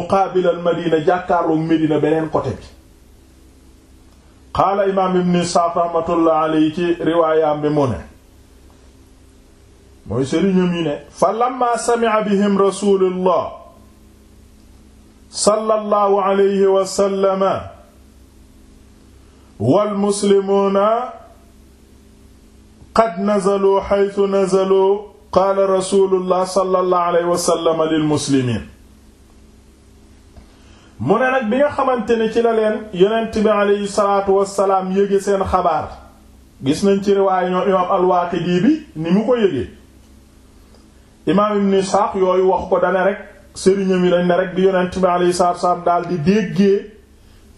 muqaabilal madina jàkkaarloog Medina beneen côté bi qaala imaam ibn Isxaaq rahmatullah alayhi ci riwaayaam bi mu ne mooy sëriñam yi ne fa lamma sami'a bihim rasulullah sallallahu alayhi wa sallama wal muslimuuna qad nazalu haythu nazalu qaala rasulullah sallallahu alayhi wa sallama lil muslimiin mu ne nag bi nga xamante ne ci la leen yonent bi aleyhi salaatu wassalaam yége seen xabaar gis nañ ci riwaay ñoom imaam al-Waaqidi bi ni mu ko yége imaam ibn Isxaaq yooyu wax ko dana rek sëriñam yi dañ ne rek di yonent bi aleyhi salaatu wassalaam daal di déggee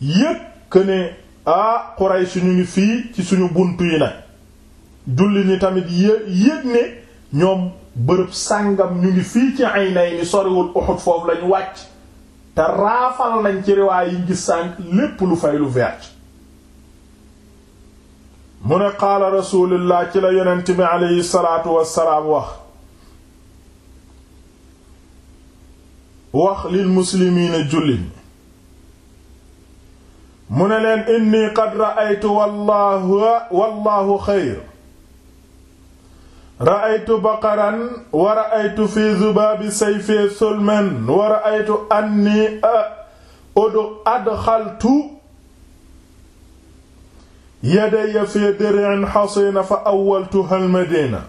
yépp que ne ah Quraysh ñu ngi fii ci suñu bunt yi nag julli ñi tamit yé yéeg ne ñoom bërëb sàngam ñu ngi fii ci ay nay ni soriwul Uhud foofu lañu wàcc te raafal nañ ci riwaay yi gis sànq lépp lu fay lu vert mu ne qaala rasulillah ci la yonent bi aleyhi salaatu wassalaam wax wax lil muslimiina jullit mu ne leen inni qad ra'aytu wallaahu wallaahu xayr ra'aytu baqaran wa ra'aytu fi zubaabi sayfi sulman wa ra'aytu anni udu adxaltu yadayya fi dir'in hasina fa awwaltuha al-madina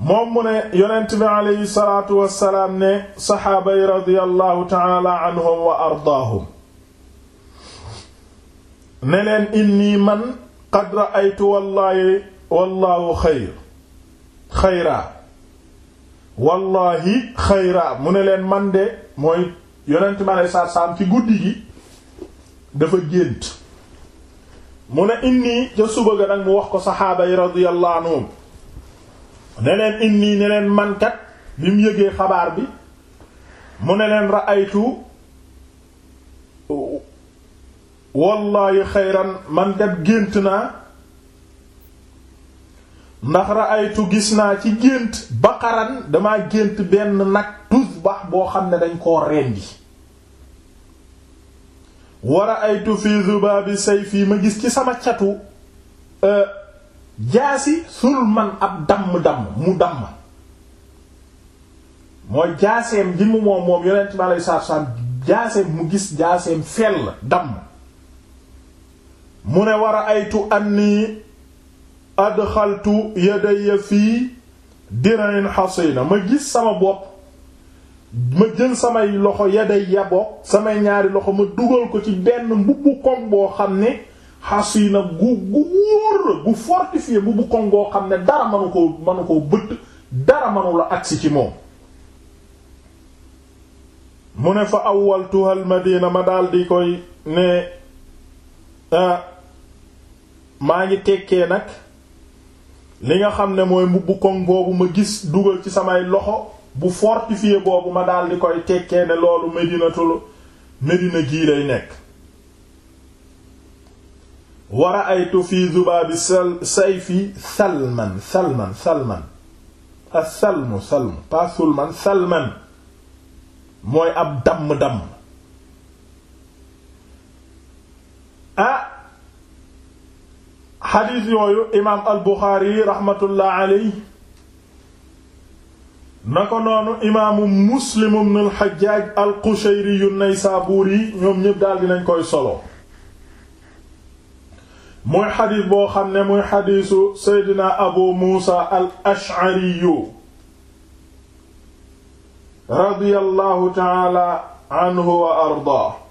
moom mu ne yonent bi aleyhi salaatu wassalaam ne saxaaba yi radiyallahu ta'ala anhum wa ardaahum ne leen inni man qad ra'aytu wallaahi wallaahu xayr xayraa wallaahi xayraa mu ne leen man de mooy yonent ma lay saar saam ci guddi gi dafa gént mu ne inni ca suba ga nag mu wax ko saxaaba yi radiyallahu anhum ne leen inni ne leen mankat bi mu yëgee xabaar bi mu ne leen ra'aytu wallaahi xayran man def gént naa ndax ra'aytu gis naa ci gént baqaran damaa gént benn nag tusbax boo xam ne dañ koo rendi wa ra'aytu fi zubabi fii ma gis ci sama catu e, jaasi sulman ab damm-damm mu damm moo jaaseem ji mu moom moom yonent bi alei satu selaam jaaseem mu gis jaaseem fell damm mu ne wa ra'aytu anni adxaltu ya fii diranin na ma gis sama bopp ma jël samay loxo yadaya bopp samay ñaari loxo ma dugal ko ci benn mbubbu koŋ boo xam ne xasina gu gu wóor gu fortifié mbubbu koŋ boo xam ne dara manu koo manu koo bëtt dara manu la agsi ci moom mu ne fa awwaltuhal madina ma daldi koy ne ah, maa ngi tekkee nag li nga xam ne mooy mbubb koŋ boobu ma gis dugal ci samay loxo bu fortifié boobu ma daal di koy tekkee ne loolu medinatul medina gii lay nekk wara aytu fi zubaabi sayfi salman salman salman as salmu salmu pas sulman salman mooy ab damm-damm xadiis yooyu imaam al buxaari raxmatullah aley na ko noonu imaamu muslim ibn al xajjaaj al qushayri yu naysaabuuri ñoom ñépp daal dinañ koy solo muy xadiis boo xam ne muy xadiisu seydina abu muusa al ashariyu radiyallahu taala anhu wa ardaa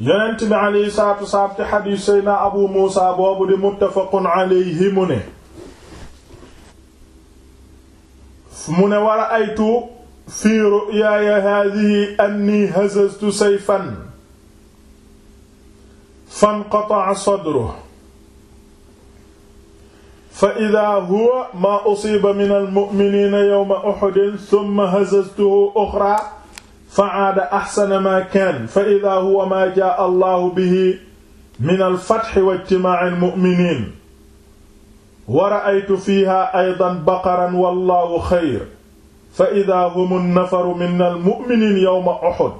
yonent bi alayhi salaatu wasalaam ci xadiis sayna abu muusa boobu di muttafaqun alayhi mu ne mu ne war a aytu fii ru'yaaya haadihi anni hazastu sayfan fanqata'a sadruhu fa idaa huwa maa usiiba mina al-mu'miniina yawma uhudin thumma hazastuhu uxraa fa aada axsana maa kaan fa ida huwa maa jaa allahu bihi min alfatxi wa ijtimaaci almuminin wa raaytu fiiha aydan baqaran wallahu xayr fa ida hum nnafaru min almuminin yowma oxod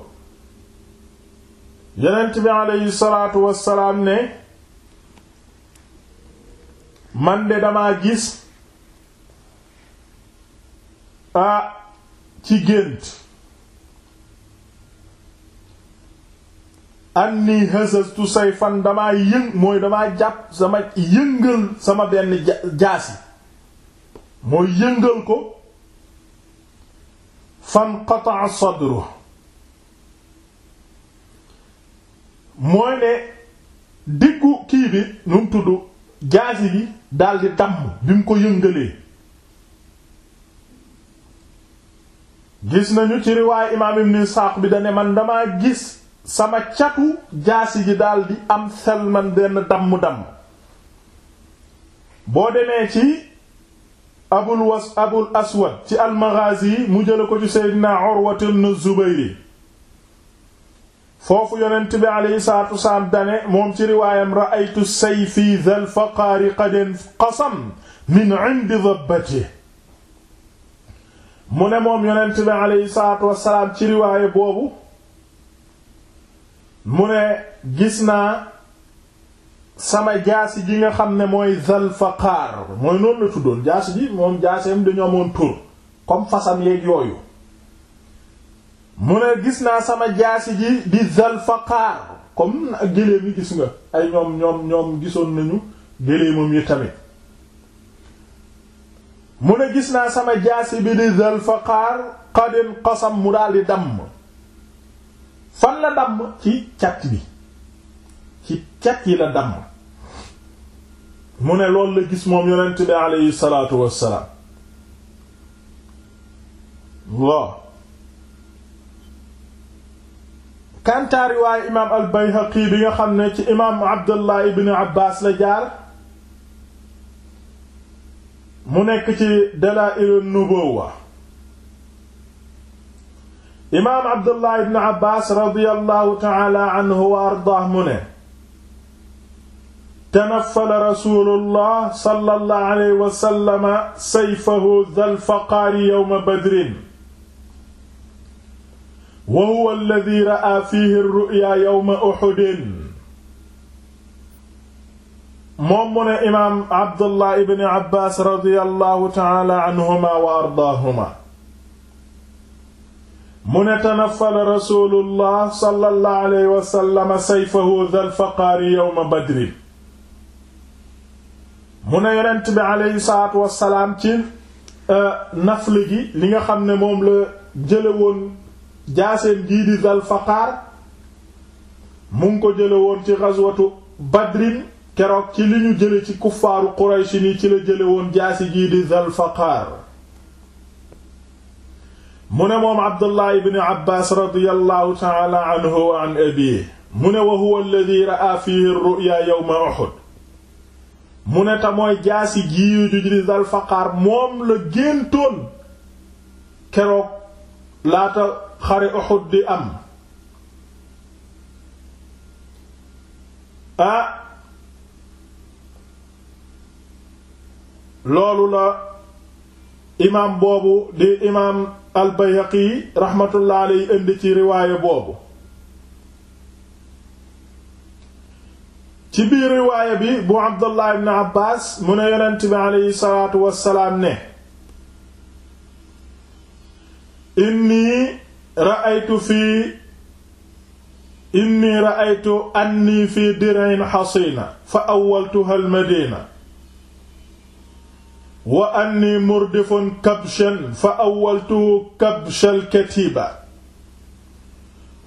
yonent bi aleyhi salaatu wassalaam ne man de damaa gis a ah, ci gént anni hasastu sayfan damaa yëng mooy yëngal sama benn jaasi mooy yëngal ko fanqata'a sadru mooy ne diggu kii bi nu tudd jaasi bi daldi damm bi mu ko yëngalee gis nañu ci riwaayu imaam ibn Isaaq bi dane man dama gis sama catu jaasi ji daal di am selman denn damm-damm boo demee ci abul was aswad ci almaghazi mu jële ko ci seydina urwat ibn foofu yonent bi aleyhi salatu wasalaam dane moom ci riwaayam ra'aytu sayfi dhal faqaari qad qasam min 'indi dhabbatihi mu ne moom yonent bi aleyhi salatu wasalaam ci riwaaya boobu mu ne gis naa sama jaasi ji nga xam ne mooy zalfaqaar mooy noonu la tuddoon jaasi ji moom jaaseem dañu amoon tur comme fasam yeeg yooyu mu ne gis naa sama jaasi ji di zalfaqaar comme ak géléem yi gis nga ay ñoom ñoom ñoom gisoon nañu géléemam yi tamit mu ne gis naa sama jaasi bi di zalfaqaar qadin qasam mu daal di damm fan la damm ci cat bi ci cat yi la damm mu ne loolu la gis moom yonent bi aleyhi salaatu wassalaam waaw kantaa riwaaye imaam al bayhaqi bi nga xam ne ci imaam abdullah ibn abbas la jaar mu nekk ci dalaa'ilun nubuwwa imaam abdullah ibn abbas radiyallahu taala anhu wa ardaah mu ne tanaffala rasulullah sallallahu alayhi wa sallama sayfahu dhal faqaari yawma badrin wa huwa alladhi ra'a fihi ar-ru'ya yawma uhudin moom mu ne imaam abdullah ibn abbas radiyallahu taala anhuma wa ardaahuma mu ne tanafala rasulullah sallallahu alayhi wa sallam sayfahu dhal faqaari yawma badrin mu ne yonent bi aleyhi salaatu wassalaam ci euh, nafli gi li nga xam ne moom la jële woon jaaseen jii di dhal faqaar mu ngi ko jële woon ci ghazwatu badrin keroog ci li ñu jële ci kuffaaru qurayshi ni ci la jële woon jaasi jii di dhal faqaar mu ne moom abdullah ibn abbas radiyallahu ta'ala anhu wa an abi mu ne wa huwa alladhi ra'a fihi ar-ru'ya yawma uhud mu ne te mooy jaasi jiyu ju di dal faqaar moom la géntoon keroog laata xare uhud di am ah loolu la imaam boobu di imaam al-Bayhaqi rahmatullah alayhi indi ci riwaaye boobu ci biir riwaaye bi bu Abdullah ibn Abbas mu ne yonent bi alayhi salaatu wassalaam ne inni ra'aytu fii inni ra'aytu anni fii dir'in hasina fa awwaltuha al-madina wa anni murdifun kabshan fa awwaltuhu kabshal katiba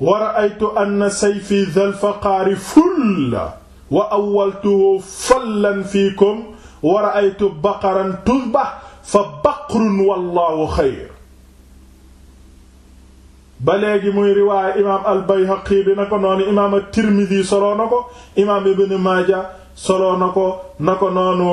wa ra'aytu anna sayfi dhal faqaari fulla wa awwaltuhu fallan fiikum wa ra'aytu baqaran tuzbah fa baqrun wallahu xayr ba léegi muy riwaaya imaam al-Bayhaqi bi na ko noonu imaam at-Tirmidhi soloo na ko imaam Ibn Maaja soloo na ko na ko noonu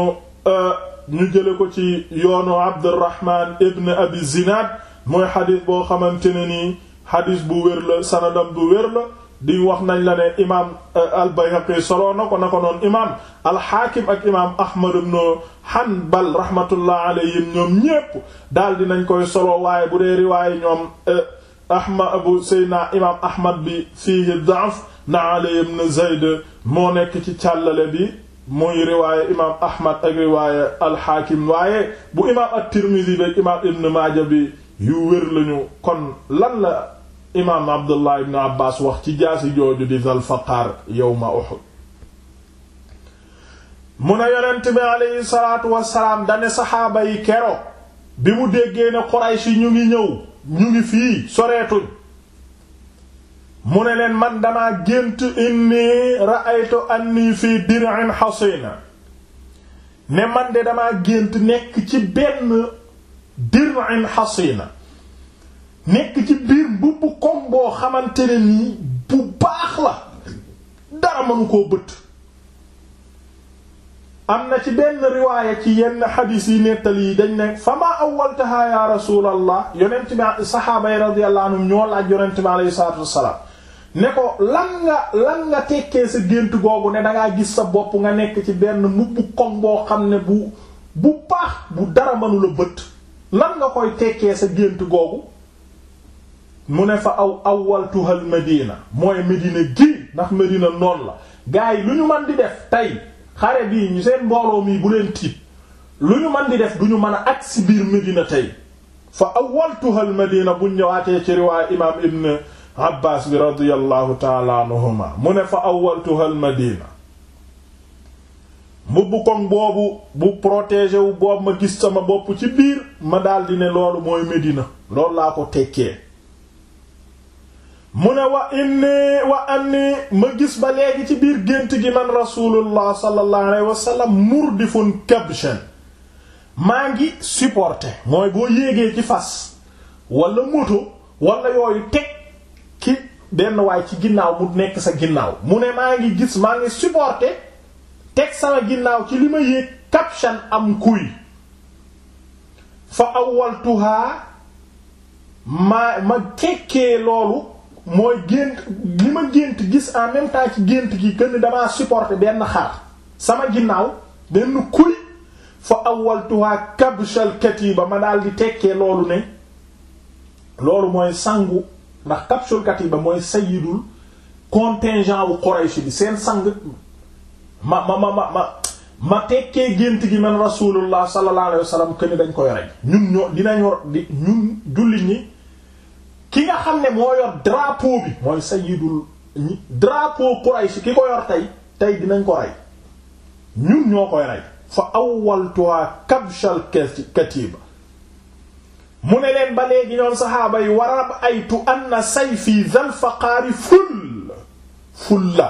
euh, ñu jële ko ci yoonu abdirahman ibn abi zinaad mooy xadis boo xamante ne nii xadis bu wér la sanadam bu wér la di wax nañ la ne imaam euh, al-Bayhaqi soloo na ko na ko noon imaam al-Hakim ak imaam Ahmad ibn Hanbal rahmatullah alayhim ñoom ñépp daal nañ koy soloo waaye bu dee riwaaye ñoom euh, ahmad abu sayyidina imaam Ahmad bi fiihi da'f na Ali ibn Zayd moo nekk ci càllale bi mooy riwaaye imaam ahmad ak riwaaye alxaakim waaye bu imaam at-tirmidhi imaam ibn maaja bi yu wér lañu kon lan la imaam abdullah ibn abbas wax ci jaasi jooju di zal faqaar yawma uhud mun a yonent bi aleyhi salaatu wassalaam dane saxaaba yi kero bi mu déggee ne quraysh ñu ngi ñëw ñu ngi fi soreetuñ mu ne leen man damaa gént inni ra'aytu anni fii dir'in hasina ne man de damaa gént nekk ci benn dir'in hasina nekk ci biir mbubb kom boo xamante ne nii bu baax la dara mënu koo bët am na ci benn riwaaya ci yenn xadiis yi nettali yi dañ ne famaa awwaltahaa ya rasuulallah yonent bi saxaaba yi radiyallahu anhum ñoo laaj yonent bi alayhi salaatu wassalaam ne ko lan nga lan nga tekkee sa gént googu ne dangaa gis sa bopp nga nekk ci benn mubbu koŋ boo xam ne bu bu baax bu dara mënula bët lan nga koy tekkee sa gént googu mu ne fa aw awaltuhal Medina mooy Medina gi ndax Medina noonu la gars yi lu ñu mën di def tey xare bii ñu seen mbooloo mii bu leen tiit lu ñu mën di def du ñu mën a si biir Medina tey fa awaltuhal Medina buñ ñëwaatee ci riwaay imaam Ibn Abbaas bi radiyallahu taala anhuma mu ne fa awwaltuha al madina mbubb koŋ boobu bu protégé wu boobu ma gis sama bopp ci biir ma daldi ne loolu mooy Medina loolu laa ko tekkee mu ne wa inni ma gis ba léegi ci biir gént gi man rasulullah sallallahu alayhi wa sallam murdifun kabshan maa ngi supporté mooy boo yéegee ci fas wala moto wala yooyu teg benn waay ci ginnaaw mu nekk sa ginnaaw mu ne maa ngi gis maa ngi supporter teg sama ginnaaw ci li ma yéeg caption am kuy fa awwaltuha ma ma tekkee loolu mooy gént li ma gént gis en même ci gént gi gën damaa supporter benn xar sama ginnaaw benn kuy fa awwaltuha kabshal ba ma dal di tekkee loolu ne loolu mooy sangu ndax capsule katiba mooy sayyidul contingent wu Quraysh bi seen sang ma ma ma ma ma ma tekkee gént gi man rasulullah sallallahu alayhi wasallam këni dañ koy rey ñun ñoo dinañ war di ñun jullit ñi ki nga xam ne moo yor drapeau bi mooy sayyidul drapeau Quraysh ki ko yor tey tey dinañ ko rey ñun ñoo koy rey fa awwaltuha kabshal katiba mu ne leen ba léegi ñoom saxaaba yi warab aytu anna sayfi zal faqaari ful ful la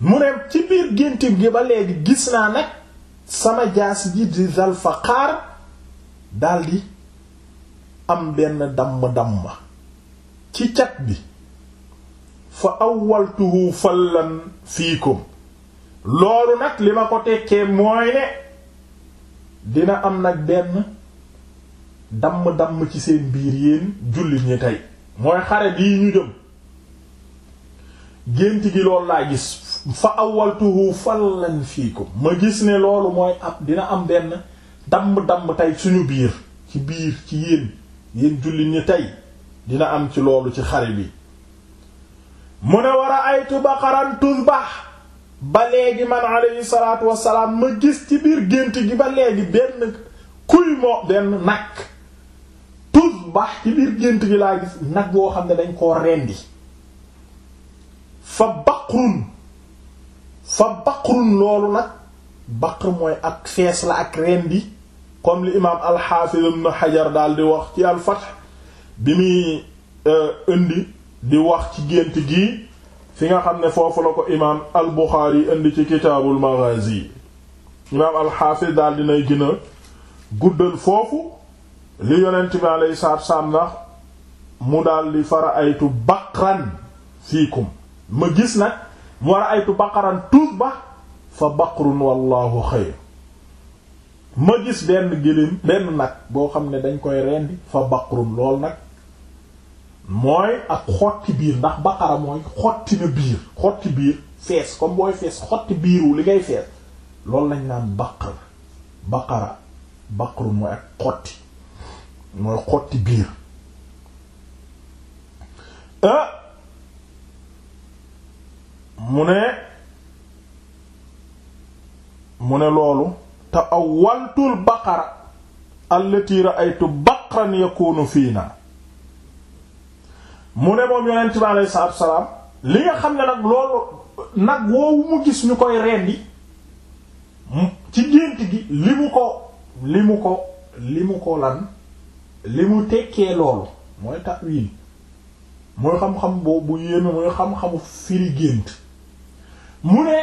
mu ne ci biir géntim gi ba léegi gis naa nag sama jaas ji di zal daldi am benn dam damm ci cat bi fa awwaltuhu fii ko loolu nag li ma ko tekkee mooy ne dina am nag benn damm-damm ci seen biir yéen jullit ñi tey mooy xare bii ñu jëm gént gi lool laa gis fa awaltuhu fallan fiikum ma gis ne loolu mooy ab dina am benn damm-damm tey suñu biir ci biir ci yéen yéen jullit ñi tey dina am ci loolu ci xare bi mu ne war a aytu baqaran tuzbah ba léegi man alayhi wassalaam ma gis ci biir gént gi ba léegi benn kuy moo benn nakk tusbax ci biir gént gi laa gis nag woo xam ne dañ koo rendi fa baqrun fa baqrun loolu nag baqr mooy ak fees la ak rendi comme li imaam alxaafis ibn xajar daal di wax ci alfath bi muy euh, indi di wax ci gént gi fi nga xam ne foofu la ko imaam al buxaari indi ci kitaabul maghazi imaam alxaafis daal dinay gën guddal foofu li yonent bi alayhi salaatu salaam ndax mu daldi fara aytu baqran fiikum ma gis nag mu war a aytu baqaran tuzbah fa baqrun wallahu xayr ma gis benn gëléem benn nag boo xam ne dañ koy rendi fa baqrun lool nag mooy ak xotti biir ndax baqara mooy xotti na biir xotti biir fees comme booy fees xotti biiru li ngay fees loolu lañ naan baqar baqara baqrun mooy ak xotti mooy xotti biir ah, mu ne mu ne loolu te awwaltul baqara allati ra'aytu baqran yakunu fiina mu ne moom yonent bi alayhi salaatu salaam li nga xam ne nag loolu nag woowu mu gis ñu koy rendi ci gént gi li mu ko li mu ko li mu ko lan li mu tekkee loolu mooy ta'wil mooy xam-xam boobu yéeme mooy xam-xamu firi mu ne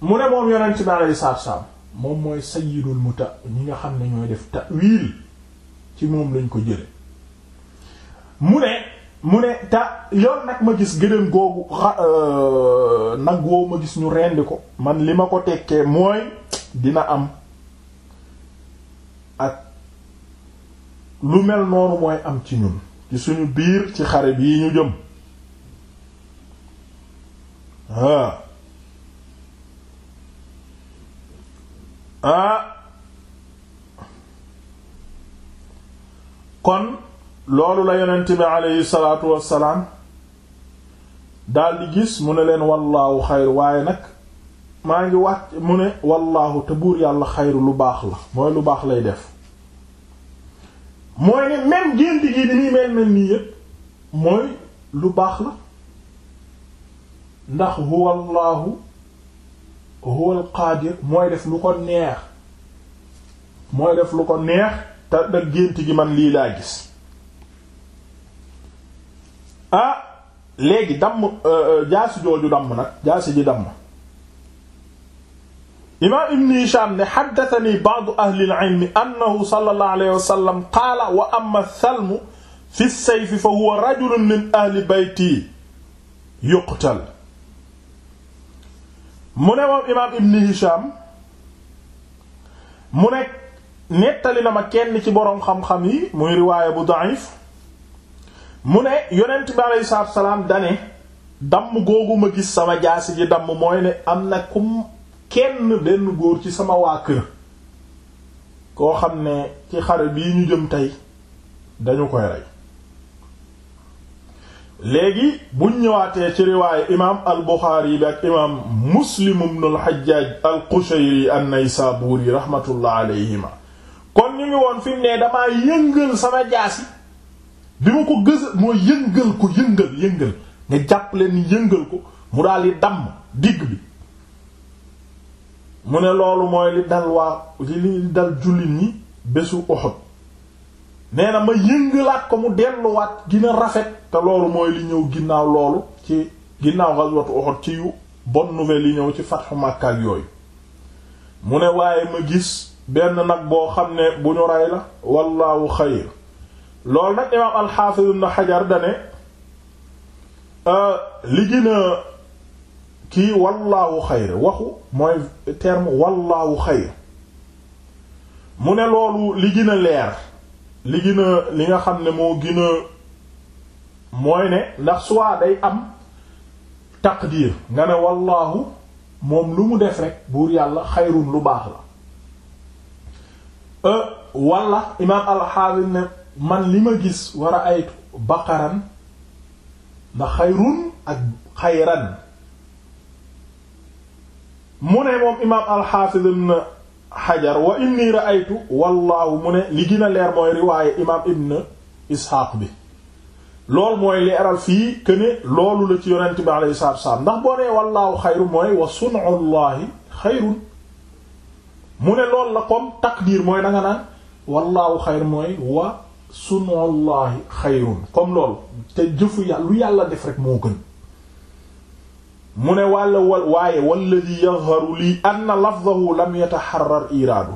mu ne moom yonent bi alayhi salaatu salaam moom mooy sayyidul muta ñi nga xam ne ñooy def ta'wil ci moom lañ ko jële mu ne mu ne ta yoon nag ma gis gëléem googu euh, nag woowu ma gis ñu rendi ko man li ma ko tekkee mooy dina am ak lu mel noonu mooy am ci ñun ci suñu biir ci xare bii ñu jëm ah. Ah. kon loolu la yonent bi aleyhi salaatu wassalaam daldi gis mu ne leen wallaahu xayr waaye nag maa ngi wàcc mu ne wallaahu te buur yàlla xayru lu baax la mooy lu baax lay def mooy ne même gént gi ni mel mel nii yëpp mooy lu baax la ndax huwa allahu huwa alqaadir mooy def lu ko neex mooy def lu ko neex te da gént gi man lii laa gis ah léegi damm euh, euh, jaasi jooju damm nag jaasi ji damm imaam ibn Hisham ne haddathani ba'du ahli al-ilm annahu sallallahu alayhi wa sallam wa amma thalmu fi sayfi fa huwa rajulun min ahli bayti yuqtal mu ne moom imaam ibn Hisham mu ne nettali na ma kenn ci borom xam-xam yi muy riwaaya bu da'if mu ne yonent bi aleyhi salaam dane damm googu ma gis sama jaasi ji damm mooy am na kum kenn benn góor ci sama waa kër koo xam ne ci xare bi ñu jëm tey dañu koy rey léegi buñ ñëwaatee ci riwaaye imaam al buxaari bi ak imaam muslim ibn al xajjaaj al qushayri an naysaburi alayhima kon ñu ngi woon fi mu damaa yëngal sama jaasi bi ma ko gësa moo yëngal ko yëngal yëngal nga jàpp leen yëngal ko mu daal di damm digg bi mu ne loolu mooy li dal waa li dal jullit ñi bésu Uhud nee na ma yëngalaat ko mu delluwaat gina rafet te loolu mooy li ñëw ginnaaw loolu ci ginnaaw ghazwatu Uhud ci yu bonne nouvelle yi ñëw ci fathu Makka ak yooyu mu ne waaye ma gis benn nag boo xam ne bu ñu rey la wallaahu xayr loolu nag imaam al-Hafiz ibn dane euh, li gën kii wallaahu xayr waxu mooy terme wallaahu xayr mu ne loolu li gën a leer li gën a li nga xam ne moo gën a mooy ne ndax soit day am taqdiir nga ne wallaahu moom lu mu def rek buur yàlla xayrun lu baax la euh, wala imaam alxaafis ne man li ma gis war a aytu baqaran ndax xayrun ak xayran mu ne moom imaam alxaafiz ibn xajar wa inni ra'aytu wallaahu mu ne li gën a leer mooy riwaaye imaam ibn isxaaq bi loolu mooy leeral fii que ne loolu la ci yonent bi alayhi salaatu wassalaam ndax boo nee wallaahu xayru mooy wa sun'ullaahi xayrun mu ne lool la comme taqdiir mooy danga naan wallaahu xayru mooy wa sun'ullaahi xayrun comme loolu te jëfu lu yàlla def rek moo gën. mu ne wàlla waaye walladi yazharu lii anna lafdahu lam yataxarrar iraadu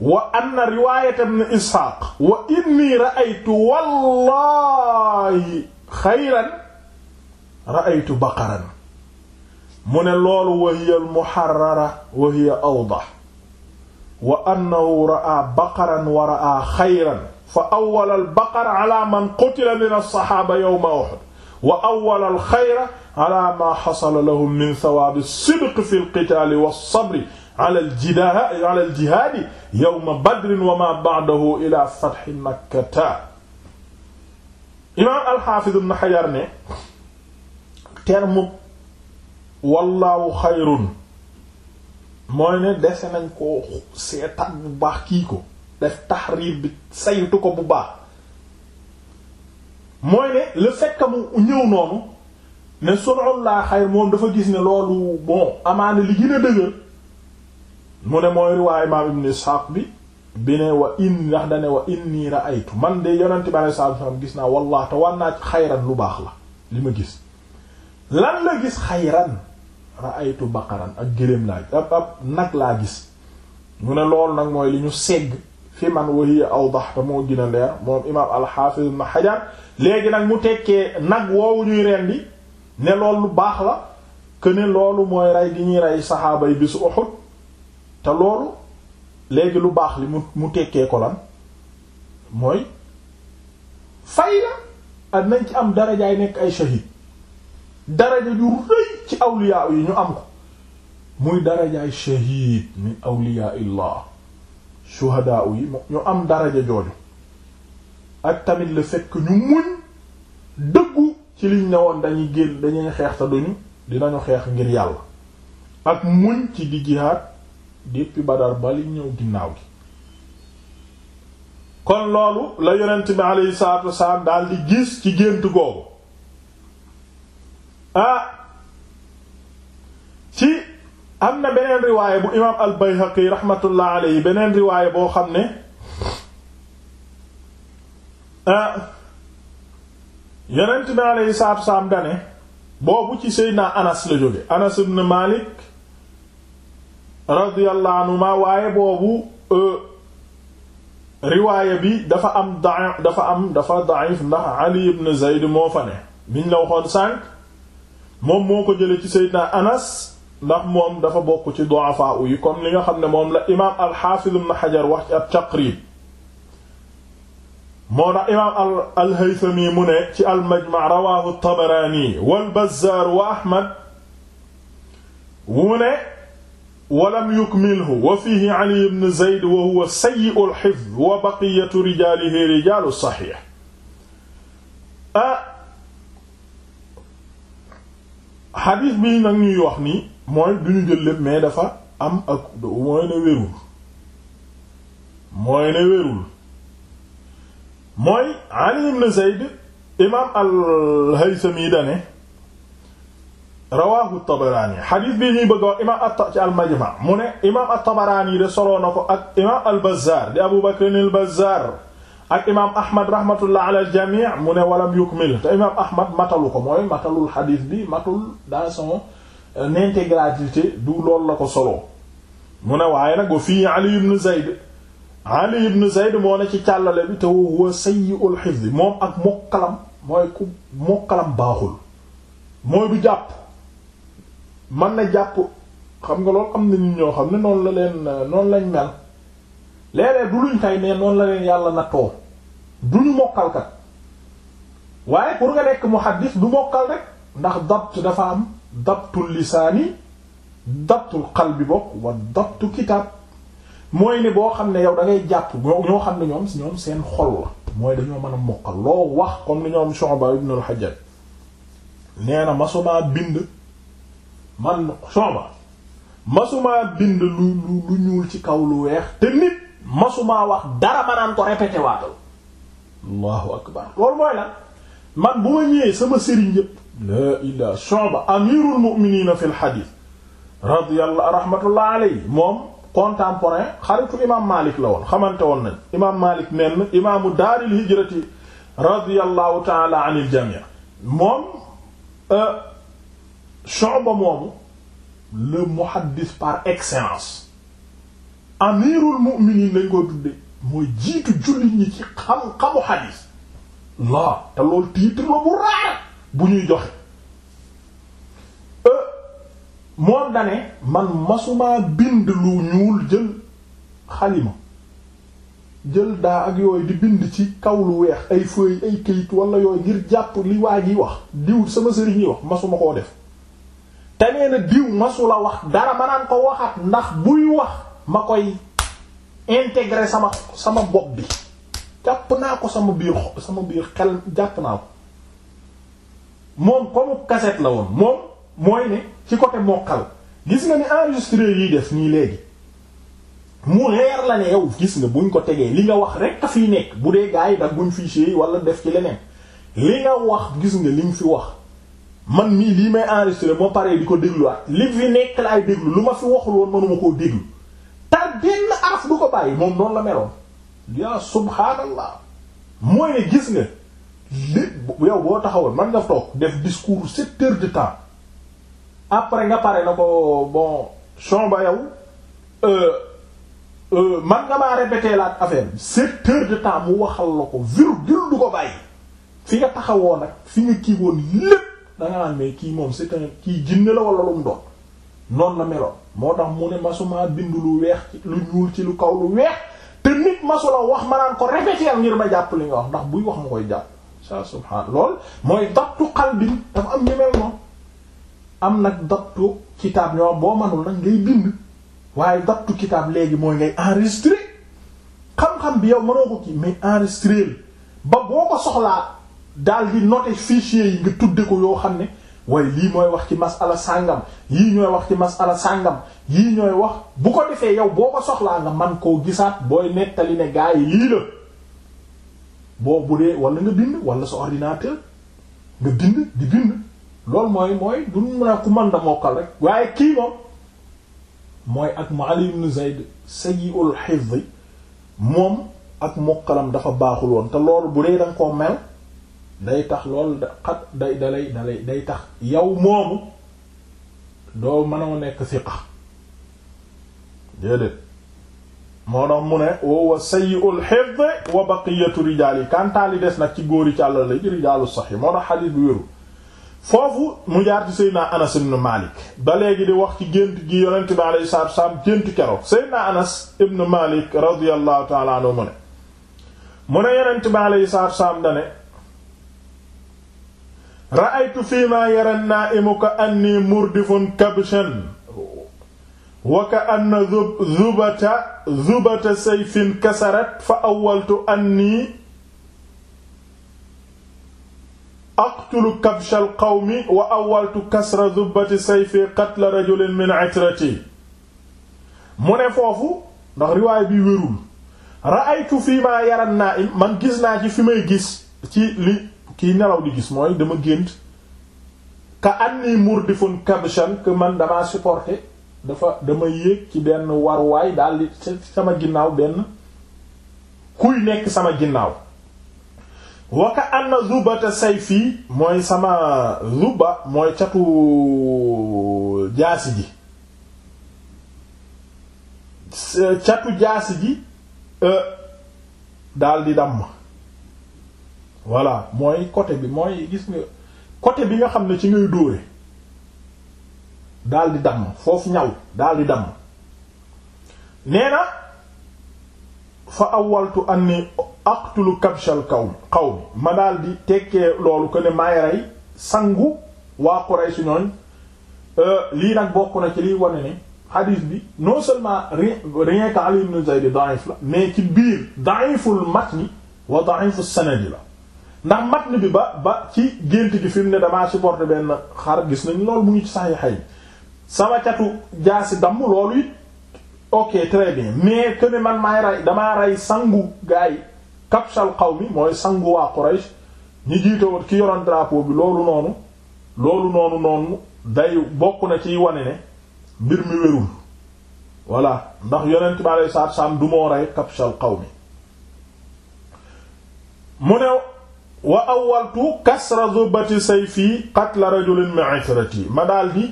wa anna riwaayata ibn isxaaq wa inni ra'aytu wallaahi xayran ra'aytu baqaran mu ne loolu wa hiya almuxarrara wa hiya awdax wa annahu ra'aa baqaran wa ra'aa xayran fa awwala albaqara ala man qutila min alsaxaaba yawma uxud wa awwala alxayra ala ma xasala lahum min sawaabi sidq fi lqitaali walsabri ala aljihaadi yowma badrin wa ma ba'dahu ila fatxi makkata imaam alxaafid ibn xajar ne terme wallaahu xayrun mooy ne dese nañ ko seetaat bu baax kii ko def taxriir bi saytu ko bu baax mooy ne le fait que mu ñëw noonu ne sonol laa xayr moom dafa gis ne loolu bon amaana li gën a dëgër mu ne mooy riwaay imaam ibn Isxaaq bi bi ne wa in ndax dane wa inni ra'aytu man de yonente bi alei satu salaam gis naa wallah te war naa xayran lu baax la li ma gis lan la gis xayran aytu baqaran ak gëléem laa ab ab nag laa gis mu ne loolu nag mooy li ñu segg fi man wahiya awdax te moo gën a leer moom imaam al ibn Hajar léegi nag mu tekkee nag woowu ñuy rendi ne loolu lu baax la que ne loolu mooy rey gi ñuy rey saxaaba yi su Uhud te loolu léegi lu baax li mu mu tekkee ko lan mooy fay la ak nañ ci am darajaay nekk ay shahid daraja ju rëy ci awliya yi ñu am ko muy darajaay shahid min awliya illah shuhadaa yi ñu am daraja jooju ak tamit le fait ñu muñ dëgg ci liñ ne woon dañuy génn dañuy xeex te duñu dinañu xeex ngir yàlla ak muñ ci di jihaad depuis Badar ba ñëw ginnaaw gi kon loolu la yonent bi aleyhi salatu wasalaam daal di gis ci gént googu ah ci am na beneen riwaayé bu imaam al Bayhaqi rahmatullah aleyhi beneen riwaayé boo xam ne ah yonent bi aleyhi salaatu salaam dane boobu ci Seydina Anas la jóge Anas ibn Malik radiyallahu anhuma waaye boobu euh, riwaaya bi dafa am da'if dafa am dafa da'if ndax Ali ibn Zayd moo fa ne biñ la waxoon sànq moom moo ko jële ci Seydina Anas ndax moom dafa bokk ci u yi comme li nga xam ne moom la imaam al-Hafiz ibn Hajar wax ci ab Taqrib moo tax imaam al-Haythami mu ne ci al-Majma' rawaahu at-Tabarani wal-Bazzaar wa Ahmad mu ne walam yukmilhu wa fiihi Ali ibn Zayd wa huwa sayyi'u al-hifz wa baqiyatu rijaalihi rijaalu as-sahih ah xadiis bi nag ñuy wax ni mooy duñu jël lépp mais dafa am ak mooy ne wérul mooy ne wérul mooy Ali ibn Zayd imaam al-Haythami dane rawaahu Tabaraani xadiis bii ñuy bëgg a wax imaam at al-Majma mu ne imaam at-Tabaraani de soloo ko ak imaam al-Bazzaar di Abu Bakr al-Bazzaar ak imaam Ahmad rahmatullah ala al-jamii mu walam yukmil te imaam Ahmad matalu ko mooy matalul xadiis bi matul dans son euh, intégralité du loolu la ko soloo mu waaye nag wa fii Ali ibn Zayd Ali ibn Zayd moo ne ci càllale bi te huwa sayyi'ul hifz moom ak mokkalam mooy ku mokkalam baaxul mooy bu jàpp man na jàpp xam nga loolu am na nit ñoo xam ne noonu la leen noonu lañ mel léeg-léeg du luñ tay ne noonu la leen yàlla nattoo du ñu mokkal kat waaye pour nga nekk muhaddis du mokkal rek ndax dafa am dabtul lisaani dabtul qalbi bokk wa dabtu kitaab mooy ne boo xam ne yow dangay jàpp ñoo xam ne ñoom si seen xol la mooy dañoo mën a mokkal loo wax comme ni ñoom Shu'ba ibn al-Hajjaj nee na masumaa bind man Shu'ba masumaa bind lu lu ñuul ci kaw lu weex te nit masumaa wax dara ma naan ko répété waatal allahu akbar loolu mooy lan man bu ma ñëwee sama sëriñ yépp la ilaa Shu'ba amirul mu'minina fil hadith radiyallahu rahmatullah alayhi moom contemporain xaritu imaam Malik la woon xamante woon nañ imaam Malik nen imaamu daaril hijrati radiyallahu taala anil jamii moom euh, Shu'ba moomu le muhaddis par excellence amirul mu'minin lañ ko tudde mooy jiitu jullit ñi ci xam-xamu xadiis la te loolu titre la bu raar bu ñuy joxe moom dane man masumaa bind lu ñuul jël xalima jël daa ak yooyu di bind ci kaw lu weex ay feuilles ay këyit wala yooyu ngir jàpp li waa ji wax diw sama sëriñ yi wax masuma koo def te na diw masula wax dara ma naan ko waxaat ndax buy wax ma koy intégrer sama sama bopp bi jàpp naa ko sama biir sama biir xel jàpp naa ko moom comme cassette la woon moom mooy ne ci côté mokkal gis nga ni enregistreur yi def nii léegi mu leer la ne yow gis nga buñ ko tegee li nga wax rek a nekk bu dee gars yi bu ñu fichier yi wala def ci leneen li nga wax gis nga li liñ fi wax man mii lii may enregistré moo paree di ko dégluwaat li fi nekk laay déglu lu ma fi waxul woon mënuma koo déglu tar benn araf du ko bàyyi moom doon la meloon yaa subhaanallah mooy ne gis nga lépp yow boo taxawoon man nga toog def discours sept heures de après nga pare na ko bon son ba yow euh, euh, man nga maa répété laat affaire bi sept heures de temps mu waxal la ko virgule du ko bàyyi fi nga taxawoon nag fi nga kii woon lépp da naan mais kii moom c'est un kii jinne la wala lu mu doon noonu na meloon moo tax mu ne masuma bind lu weex ci lu ñuul ci lu kaw lu weex te nit masula wax ma naan ko répété ngir ma jàpp li nga wax ndax buy wax ma koy jàpp ça subhanallah lool mooy daptu xal bi dafa am ñu mel noonu am nag dattu kitaab yoo boo manul nag ngay bind waaye dattu kitaab léegi mooy ngay enregistré xam-xam bi yow mënoo ko kii mais enregistré ba boo ko soxlaa daal di noter fichier yi nga tudde ko yoo xam ne waaye lii mooy wax ci masala sàngam yii ñooy wax ci masala sàngam yii ñooy wax bu ko defee yow boo ko soxlaa nga man koo gisaat booy nettali ne gaa yi lii la boo budee wala nga bind wala sa ordinateur nga bind di bind loolu mooy mooy du mën a ku mën da mokkal rek waaye kii moom mooy ak mu Ali ibn Zayd sayyi'ul hifz moom ak mokkalam dafa baaxul woon te loolu bu dee danga koo mel day tax loolu da xat day dalay day tax yow moomu doo mënoo nekk siqa déedéet moo tax mu ne wawa sayyi'ul hifz wa baqiyatu rijaal yi kantaali des nag ci góori ci àlla la ji rijaalu sax yi moo tax xadiis bi wéru foofu mu jaar ci Seydina Anas ibn Malik ba di wax ci gént gi yonent Anas ibn Malik radiyallahu ta'ala anhu mu ne mu ne yonent bi ra'aytu fii ma yara an-naa'imu anni murdifun kabshan wa anna zubata zubata sayfin kasarat fa awwaltu anni aqtulu kabshal qawmi wa awwaltu kasra dubbati sayfi qatla rajulin min itrati mu ne foofu ndax riwaay bi wérul ra'aytu fii maa yaran naa im man gis naa ci fi may gis ci li kiy nelaw di gis mooy dama gént ka anni murdifun kabshan que man damaa supporter dafa dama yéeg ci benn waruwaay daal di sama ginnaaw benn kuy nekk sama ginnaaw am na ka anna zubata fii mooy sama zuba mooy catu jaasi ji catu jaasi ji euh, daal di damm voilà mooy côté bi mooy gis nga côté bi nga xam ne ci ngay dóore daal di damm foofu ñaw daal di damm nee na fa awaltu anni aqtulu kabshal kaw xaw mi ma daal di tekkee loolu ko ne rey sangu waa Quraysh ñooñ euh, lii nag bokk na ci liy wane ne hadith bi non seulement rien rien que Ali la mais ci biir da'iful matn wa da'ifus sanad la ndax matn bi ba ba ci gént gi fi mu ne damaa supporté benn xar gis nañ loolu mu ngi ci saxiixay sama catu jaasi damm loolu it ok très bien mais que man maay rey damaa rey sangu gaa kapsal mi mooy sangu waa Quraysh ñi jiite woon ki yoroon drapeau bi loolu noonu loolu noonu noonu day bokk na ciy wane ne mbir mi wérul voilà ndax yonent bi alei saatu salaam du moo rey kapsal qawmi mu ne wa awwaltu kasra zubati sayfi qatla rajulin min ishrati ma daldi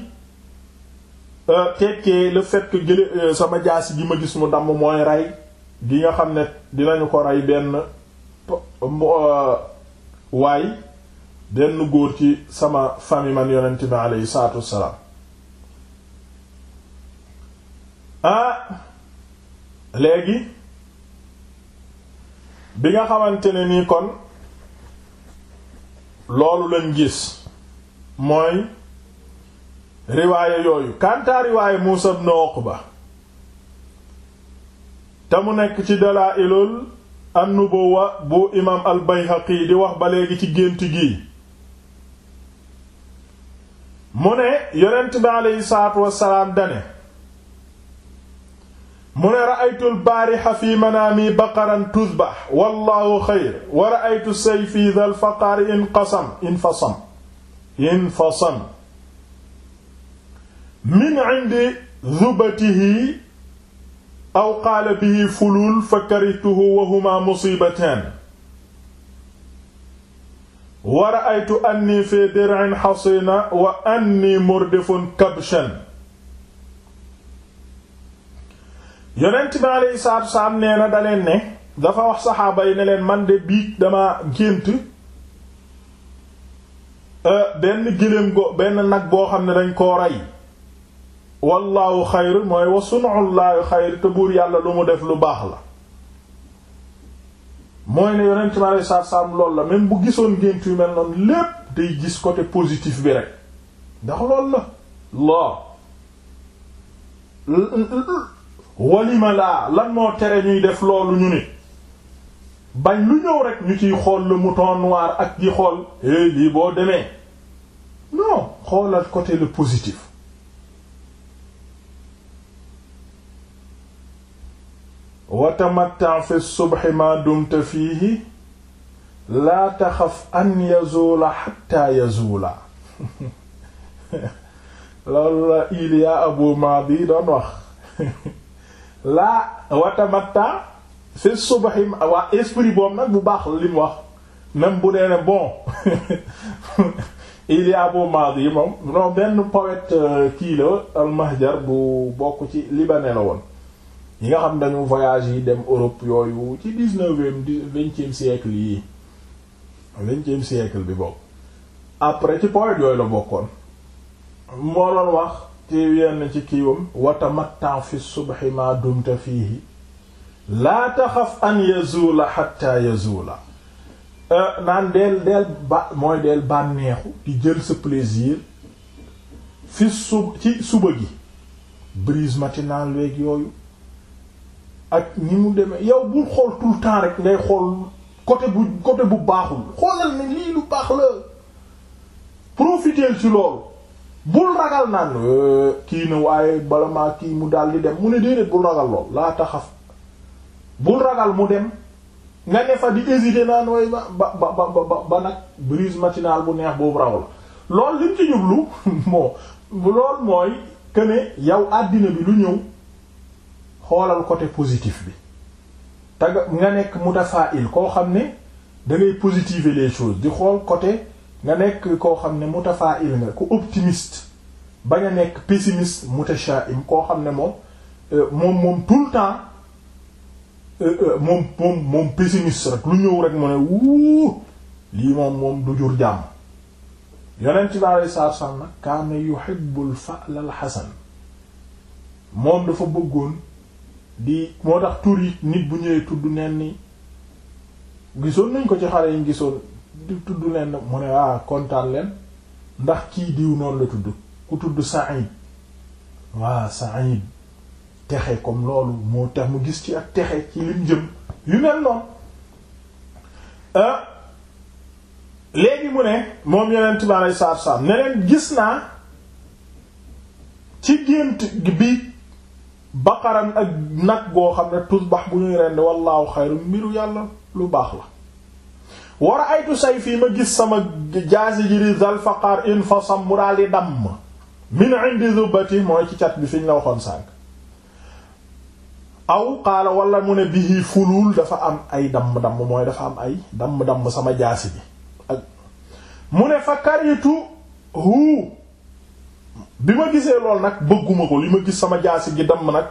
euh, tekkee le fait que euh, sama jaasi ji ma gis mu damm mooy rey di nga xam ne dinañu ko rey benn euh, waay benn góor ci sama fami man yonent bi aleyhi salaatu wassalaam ah léegi bi nga xamante ne nii kon loolu lañ gis mooy riwaaya yooyu kanta riwaaya Muusa ibn ba te mu nekk ci dalaa'ilul annubuwa bu imaam al-Bayhaqi di wax ba léegi ci gént gi mu ne yonent bi aleyhi salaatu wassalaam dane mu ne ra'aytu al-baariha fi manaami baqaran tuzbax wallaahu xayr wa ra'aytu sayfi dhal faqaari inqasam infasam infasam min indi zubatihi aw qaala bihi fulul fa karihtuhu wa huma musibatan wa ra'aytu anni fi dir'in hasina wa anni murdifun kabshan yonent bi alayhi salaatu wasalaam nee na da leen ne dafa wax saxaaba ne leen man de biig dama gént euh, benn gëléem go benn nag boo xam ne dañ koo rey wallaahu xayr mooy wa sunullaahi xayr te buur yàlla lu mu def lu baax la mooy ne yonent mi aleyhi salaatu salaam loolu la même bu gisoon gént yu mel noonu lépp day gis côté positif bi rek ndax lool la loo walima laa lan moo tere ñuy def loolu ñu ne bañ lu ñëw rek ñu ciy xool le mouton noir ak di xool hey eh, lii boo demee non xoolal côté le positif wa tamatta fi subhi ma dumta fiihi laa taxaf an yazuula xatta yazuula loolu la Iliya Abu Maadi doon wax laa wa fi subhi waa esprit boobu nag bu baax li mu wax même bu dee ne bon Iliya Abu Maadi moom benn poète euh, kii al Mahjar bu bokk ci libanais la woon ñi nga xam dañu voyage yi dem Europe yooyu ci dix-neuvième vingtième siècle yi vingtième siècle bi boobu après ci poète yooyu la bokkoon moo doon wax ci yenn ci kiiwam watamatta fi subhi ma dumta fiihi laa taxaf an yazula hatta yazula euh, naan deel deel ba mooy deel bànneexu di jël sa plaisir fi sub ci suba gi brise matinale weeg yooyu ak ni mu demee yow bul xool tout le temps rek ngay xool côté bu coté bu baaxul xoolal ne lu baax la profiteel ci loolu bul ragal naan euh, kii na waaye bala kii mu daal di dem mu ne déedéet bul ragal lool laa taxaf bul ragal mu dem nga ne fa di hésiter naan way ba ba ba ba nag brise matinale bu neex boobu raw la loolu lim ci ñublu moo loolu mooy que ne àddina bi lu ñëw xoolal côté positif bi te nga nekk mutafail koo xam ne da positive positiver les choses di xool côté nga nekk koo xam ne mutafail nga ku optimiste ba nga nekk pessimiste mutashaim koo xam ne moom euh, moom moom tout le temps euh, euh, moom moom moom pessimiste rek lu ñëw rek mu ne wuu lii moom moom du jur jàmm yonent bi alei saatu salaam nag kaana yuhibbul fa'l al hasan moom dafa bëggoon di moo tax tur yi nit bu ñëwee tudd nen ni gisoon nañ ko ci xare yi gisoon di tudd nen mu ne ah kontaan leen ndax kii diw noonu la tudd ku tudd Sa'id waa Sa'id texe comme loolu moo tax mu gis ci ak texe ci lim jëm yu mel noonu ah, léegi mu ne moom yeneen tubaab saaf saaf ne gis naa ci gént bi. baqaran ak nag goo xam ne tusbax bu ñuy rend wallaahu xayru mbiru yàlla lu baax la war a aytu say fii ma gis sama jaasi ji di zalfaqaar in fasam mu daal di damm min indi zubati mooy ci cat bi fi la waxoon sànk mu ne bihi fulul dafa am ay damm-damm mooy dafa am ay damm-damm sama jaasi bi ak mu ne fa karitu hu bi ma gisee lool nag bëgguma ko li ma gis sama jaasi gi damm nag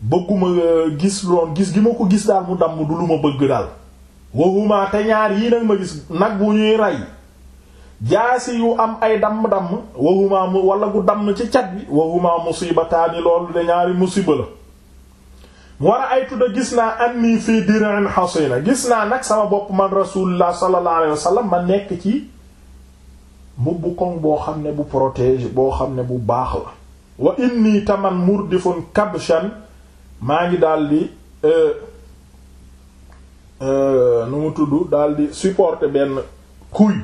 bëgguma euh, gis loon gis gi ma ko gis daal mu damm du lu ma bëgg daal waxuma te ñaar yii nag ma gis nag wu ñuy rey jaasi yu am ay damm-damm waxuma mu wala gu damm ci cat bi waxuma musibataani loolu de ñaari musiba la war a ay tudda gis naa anni fii dirin hasina gis naa nag sama bopp man rasulullah sallallahu alayhi wasallam ma nekk ci mubbu koŋ boo xam ne bu protège boo xam ne bu baax la wa inni taman murdifun kabshan maa ngi daldi euh, euh, nu mu tudd di supporter benn kuy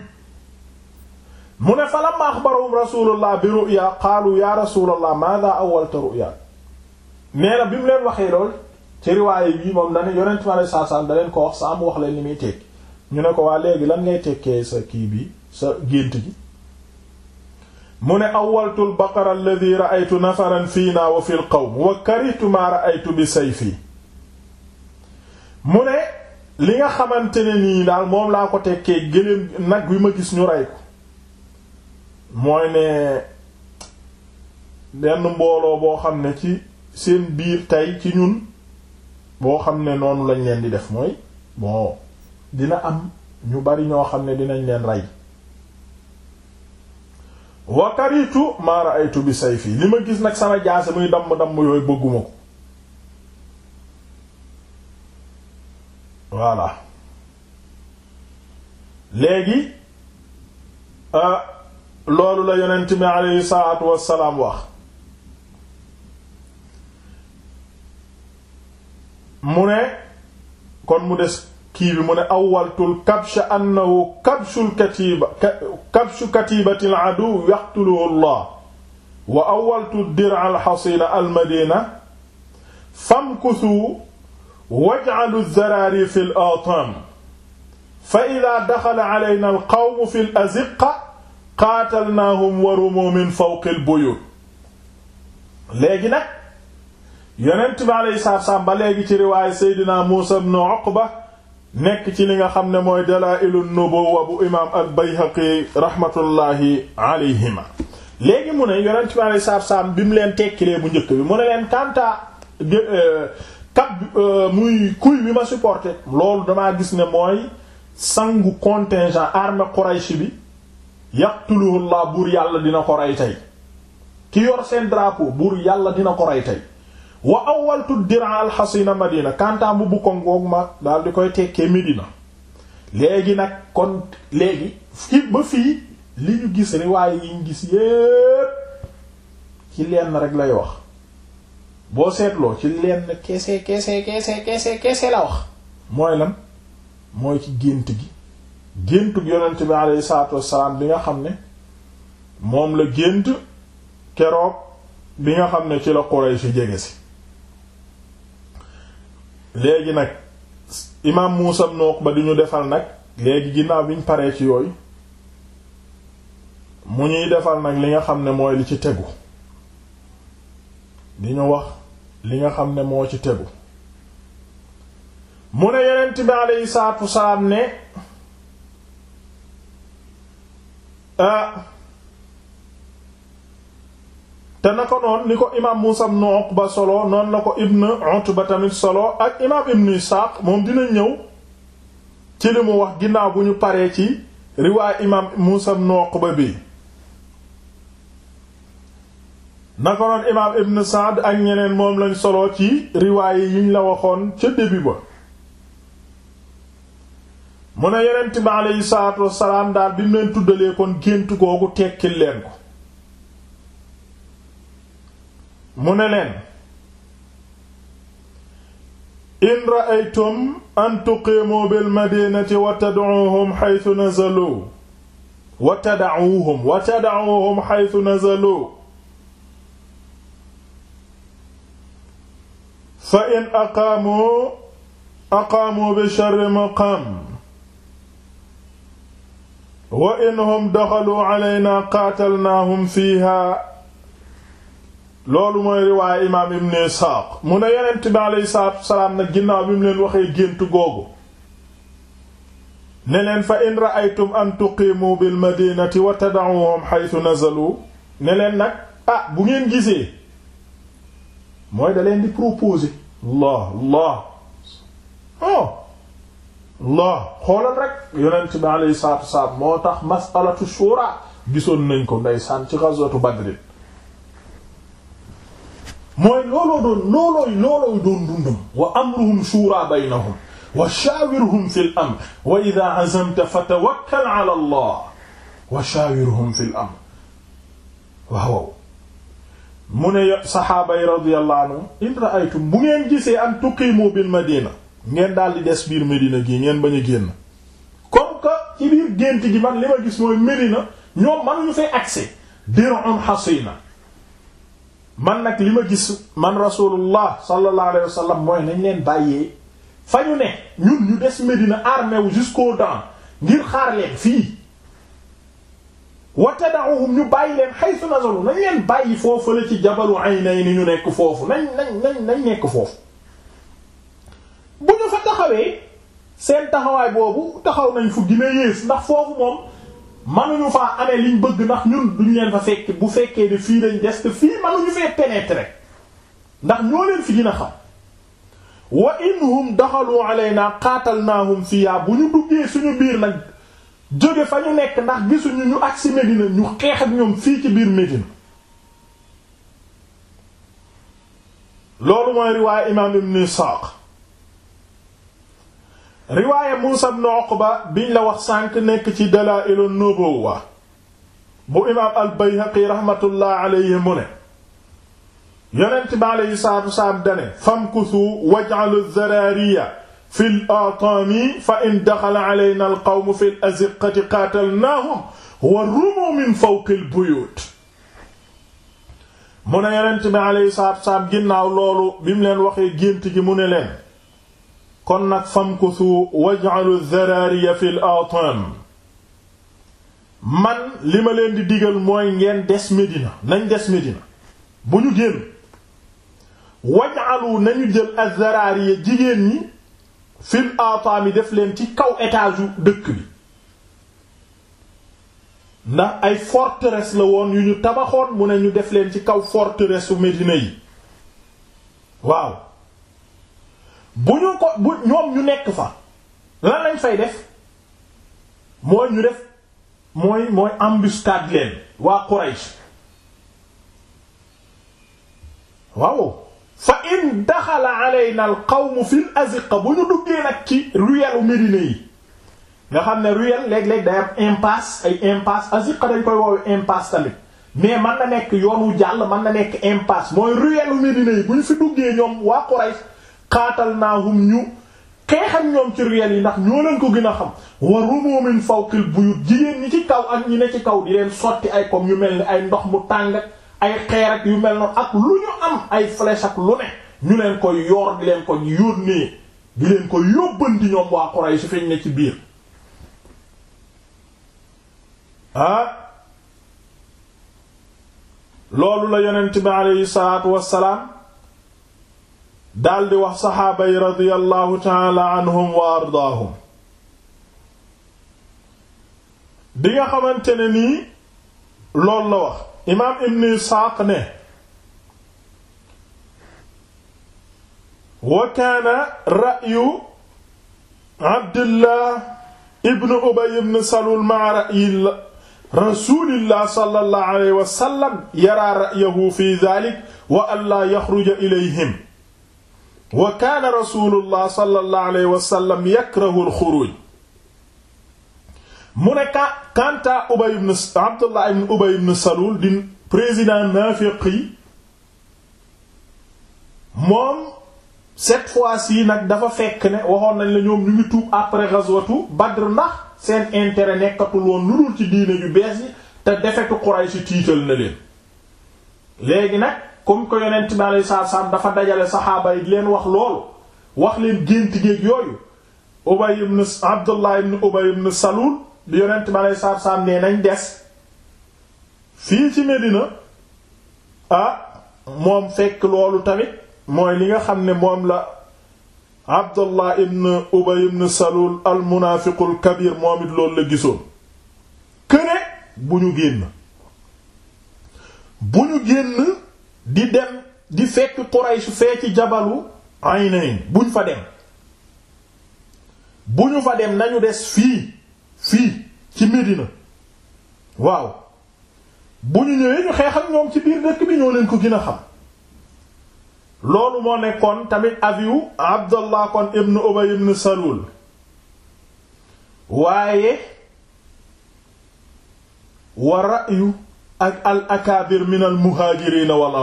mu ne fa lamma axbarahum rasulullah bi ru'ya qaalu ya rasulullah madha awwalta ru'ya nee bi mu leen waxee lool ci riwaaye bi moom dane yonent mi alei sat selaam ko wax sa am wax leen li muy tekki ñu ne ko waa léegi lan ngay tekkee sa kii bi sa gént gi mu ne awwaltu albaqara alladi ra'aytu nafaran fiina wa fi lqawm wa karihtu maa ra'aytu bi fii mu ne li nga xamante ne nii daal moom laa ko tekkee gëléem nag wi ma gis ñu rey ko mooy ne benn mbooloo boo xam ne ci seen biir tey ci ñun boo xam ne noonu lañ leen di def mooy bon dina am ñu bari ñoo xam ne dinañ leen rey wa karitu ma ra'aytu say fii li ma gis nag sa jaase muy damm damm yooyu bëgguma ko voilà léegi euh, loolu la yonent bi aleyhi salaatu wassalaam wax mu ne kon mu des kii bi mu ne awwaltul kabsha annahu kabshul katiba kabshu katibatil adu yaqtuluhu Allah wa awwaltu dir'a al-hasina al-madina famkuthu waj'alu ad-darari fi al-atam fa idha dakhala alayna al-qawmu fi al-azqqa qatalnahum wa rumu min fawqi al-buyut léegi nag yonent bi alayhi salaam ba léegi ci riwaayu Seydina Muusa ibn Uqba nekk ci li nga xam ne mooy dalaa'ilu nubuwwa bu imaam al-Bayhaqi rahmatullahi alayhima léegi mu ne yonent bi alayhi salaatu salaam bi mu leen tekkilee bu njëkk bi mu ne leen kantaa euh, kab euh, muy kuy bi ma supporté loolu damaa gis ne mooy sangu contingent armée Quraysh bi yaqtuluhu Allah buur yàlla dina ko rey tey ki yor seen drapeau buur yàlla dina ko rey tey wa awwaltu diraa alxasina madina kantaa bu bukkoŋ goog ma daal di koy tekkee Medina léegi nag kon léegi fi ba fii li ñu gis riwaaye yi ñu gis yépp ci lenn rek lay wax boo seetloo ci lenn kese kese kese kese kese la wax mooy lan mooy ci gént gi géntug yonent bi aleyhi salaatu bi nga xam ne moom la gént keroog bi nga xam ne ci la Quraysh jege si léegi nag imaam Muusa ibn ba du ñu defal nag léegi ginnaaw bi ñu paree ci yooyu mu ñuy defal nag li nga xam ne mooy li ci tegu di ñu wax li nga xam ne moo ci tegu mu ne yonent bi alayhi salaatu wasalaam ne ah te na ko noonu ni ko imaam Muusaa ibn ba solo noonu na ko ibn ba tamit solo ak imaam ibn Isaaq moom dina ñëw ci li mu wax ginnaaw bu ñu paree ci riwaay imaam Muusaa ibn Uqba bi na ko noonu imaam ibn Saad ak ñeneen moom lañ solo ci riwaay yiñ la waxoon ca début ba mu ne yonent bi aleyhi salaatu wassalaam daal bi mu leen tuddalee kon gént googu tekkil leen mu ne leen in ra'aytum an tuqiimu bil madinati wa tad'uuhum haythu nazalu wa tad'uuhum wa tad'uuhum haythu nazalu fa in aqaamu aqaamu bi sharri maqaam wa in hum daxalu alaynaa qaatalnaahum fiihaa loolu mooy riwaaye imaam ibn Isaaq mu ne yonent bi aleyhi salaatu wasalaam nag ginnaaw bi mu leen waxee gént googu ne leen fa in ra'aytum an tuqiimu bil madinati wa tada'uhum haythu nazalu ne leen nag ah bu ngeen gisee mooy da leen di proposer Allah Allah oh Allah xoolal rek yonent bi aleyhi salaatu wasalaam moo tax masalatu shura gisoon nañ ko ndeysaan ci ghazwatu Badr mooy looloo doon loolooy loolooy doon dundum amruhum shura baynahum wa shawirhum fil amr wa idha azamta fatawakkal ala allah wa shawirhum fil amr waaw mu ne saxaaba yi radiyallahu in ra'aytum bu ngeen gisee an tuqimu bil madina ngeen daal di des biir Medina gi ngeen bañ a génn comme que ci biir man nag li ma gis man rasulullah sallallahu alayhi wa sallam mooy nañ leen bàyyee fa ñu ne ñun ñu des Médina armé wu jusqu'aux dents ngir xaar fii wa tada'uhum ñu bàyyi leen haythu nazalu nañ leen bàyyi foofu la ci jabalu aynay ni ñu nekk foofu nañ nañ nañ nekk foofu bu ñu taxawee seen taxawaay boobu taxaw nañ fu gën yées ndax foofu moom manuñu faa amee liñ bëgg ndax ñu duñ leen fa fekk bu fekkee ne fii lañ des te fii manuñu fee pénétrer ndax ñoo leen fi gën a xam wa inhum daxalu alayna qatalnahum fiha bu ñu duggee suñu biir nag jóge fa ñu nekk ndax gisuñu ñu agsi Medina ñu xeex ak ñoom fii ci biir Medina loolu mooy riwaaya imaam Ibn Isaaq riwaaya Muusa ibn Uqba biñ la wax sànq nekk ci Dalaa'ilu Nubuwwa bu imaam al-Bayhaqi rahmatullah alayhi mu ne yonent bi alayhi salaatu wasalaam dane famkusu waj'alu zaraariya fi al-aataami fa in daxala alayna al-qawmu fi al-aziqati qaatalnaahum wa rumu min fawqi al-buyuut mu ne yonent bi alayhi salaatu wasalaam ginnaaw loolu bi mu leen waxee gént gi mu ne leen kon nag famkusu waj'alu dharariya fil atam man li ma leen di digal mooy ngeen des Medina nañ des Medina bu ñu génn waj'alu nañu jël az-zarariya jigéen ñi fil atam yi def leen ci kaw étage dëkk bi ndax ay forteresse la woon yu ñu tabaxoon mu ne ñu def leen ci kaw forteresse Medina yi waaw bu ñu ko bu ñoom ñu nekk fa lan lañ fay def mooy ñu def mooy mooy embustade leen waa Quraysh waaw fa in daxala alayna al qawmu fil aziqa bu ñu duggee nag ci ruelle Médina yi nga xam ne ruelle léeg-léeg day am impasse ay impasse aziqa dañ koy woowe impasse tamit mais man na nekk yoonu jàll man na nekk impasse mooy ruelle Médina yi bu ñu fi duggee ñoom waa Quraysh qaatalnaahum ñu xeexam ñoom ci réel yi ndax ñoo leen ko gën xam wa rumu min fawqil buyut jigéen ñi ci kaw ak ñi ne ci kaw di leen sotti ay comme yu mel ni ay ndox mu tàng ay xeer ak yu mel noonu ak lu ñu am ay flèche ak lu ne ñu leen ko yónnee di leen ko yóbbandi ñoom waa Quraysh su feñ ne ci biir ah loolu la yonent bi aleyhi salaatu wassalaam daldi wax saxaaba yi radiyallahu taala anhum wa ardaahum bi nga xamante ne nii loolu la wax imaam ibn isxaaq ne wa kaana ra'yu abdillah ibn ubay ibn salul ma'a ra'yi rasulillah sallallahu alayhi wa sallam yara ra'yahu fi dhalik wa an la yaxruja ilayhim wa kaana rasulullah sallallahu alayhi wa sallam yakrahu al-xuruuj mu ne ka kanta Ubay ibn Abdullah ibn Ubay di président naafiq yi moom cette fois-ci nag dafa fekk ne waxoon nañ la ñoom ñu ngi tuub après ghazwatu Badr ndax seen intérêt nekkatul woon lu ci diine ju bees yi te defetu Quraysh tiital na leen léegi nag comme ko yonent bi alayhi salaatu salaam dafa dajale saxaaba yi di leen wax loolu wax leen gént géeg yooyu Ubay ibn Abdullah ibn Ubay ibn Salul yonent bi alayhi salaatu salaam nee nañ des fii ci Medina ah moom fekk loolu tamit mooy li nga xam ne moom la Abdullah ibn Ubay ibn Salul al munaafiqul moom it loolu la gisoon këne bu ñu génn bu ñu génn di dem di fekk Quraysh fee ci jabalu Aynayn buñ fa dem bu ñu fa dem nañu des fii fii ci Médina waaw bu ñu ñëwee ñu xeex ak ñoom ci biir dëkk bi ñoo leen ko gën a xam loolu moo nekkoon tamit aviwu Abdallah kon ibn Ubay ibn Salul waaye wa ra'yu ak al akaabir min al muhaajiriin wal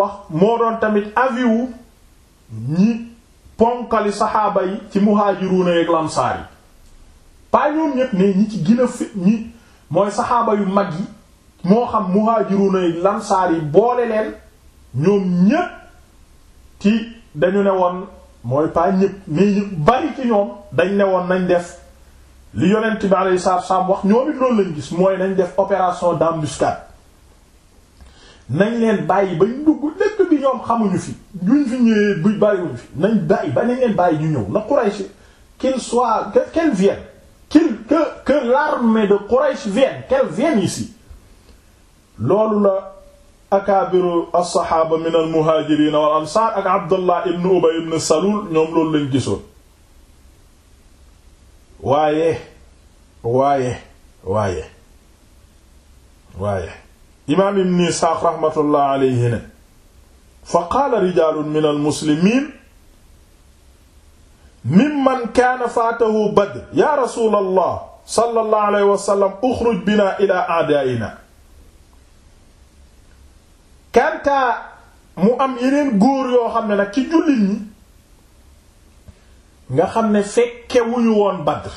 wax moo doon tamit aviwu ñi ponkali saxaaba yi ci muhaajiruuna yeek lamsaar yi pas ñoom ñépp ne ñi ci gën a ñi mooy saxaaba yu mag yi moo xam muhaajiruuna yeek lamsaar yi boole leen ñoom ñépp ci dañu ne woon mooy pas ñépp mais ñu bari ci ñoom dañ ne woon nañ def li yonent bi alayhi salaatu wasallam wax ñoom it loolu lañ gis mooy nañ def opération d'embuscade nañ leen bàyyi ba ñu dugg dëkk bi ñoom xamuñu fi duñ fi ñëwee bu bàyyiwuñ fi nañ bàyyi ba nañ leen bàyyi ñu ñëw na Quraysh qu'il soit que qu'elle vienne qu'il que que l'armée de Quraysh vienne qu'elle vienne ici loolu la akaabiru as-saxaaba min al-muhaajiriin wal ansaar ak Abdullah ibn Ubay ibn Salul ñoom loolu lañ gisoon waaye waaye waaye waaye imaam ibn Isaaq raxmatullah alayhi ne fa qaala rijaalun min almuslimiin mimman kaana faatahu badr yaa rasuulallah sallallahu alayhi wa sallam uxruj binaa ilaa a'daa'inaa kantaa mu am yeneen góor yoo xam ne nag ci jullit ñi nga xam ne fekke wuñu woon Badr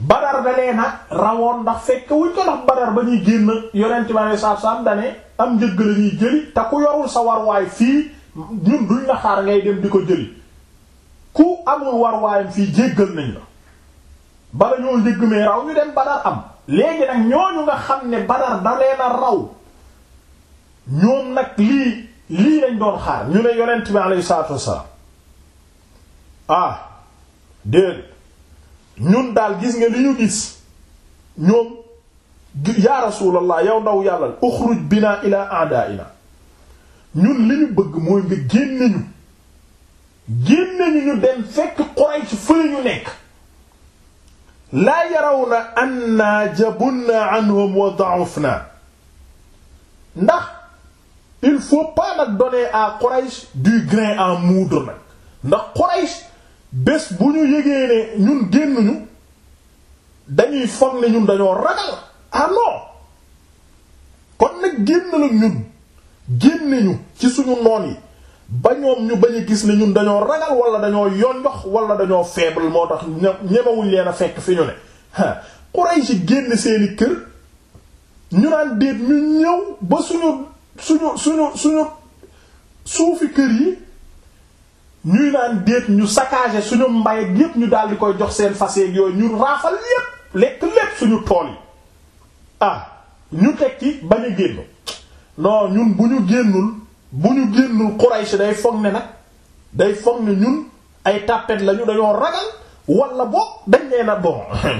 Badar da leen rawoon ndax fekke wuñ ko ndax Badar ba ñuy génn yonent bi alei sa salaam dane am njëgg lañuy ñuy jëli te ku yorul sa warwaay fii duñ la xaar ngay dem di ko jëli ku amul warwaayam fii jéggal nañ la bala ñoo njëgg mee raw ñu dem Badar am léegi nag ñooñu nga xam ne Badar da leen raw ñoom nag lii lii lañ doon xaar ñu ne yonent bi alei salatu wasalaam ah déet ñun daal gis nga li ñu gis ñoom yaa rasulallah yow ndaw yàlla uxruj bina ila a'da'ina ñun li ñu bëgg mooy nga génne ñu génne ñu ñu dem fekk Quraysh fële ñu nekk laa yarawna anna jabunna anhum wa da'ufna ndax il faut pas nag donner à Quraysh du grain à moudre nag ndax Quraysh bés bu ñu yégee ne ñun génnuñu dañuy foog ne ñun dañoo ragal ah kon nag génn la ñun génne ñu ci suñu noon yi ba ñoom ñu bañ gis ne ñun dañoo ragal wala dañoo yonjox wala dañoo faible moo tax ñemewuñ leen a fekk fi ñu ne Quraysh si génn seeni kër ñu naan déet ñu ñëw ba suñu suñu suñu suñu suufi kër yi ñuy naan déet ñu saccager suñu mbay yëpp ñu daal di koy jox seen fas yeeg yooyu ñu raafal yépp lekk lépp suñu tool yi ah ñu teg ci bañ a génn non ñun bu ñu génnul bu ñu génnul Quraysh day foog ne nag day foog ne ñun ay tàppet lañu dañoo ragal wala boog dañ nee na bon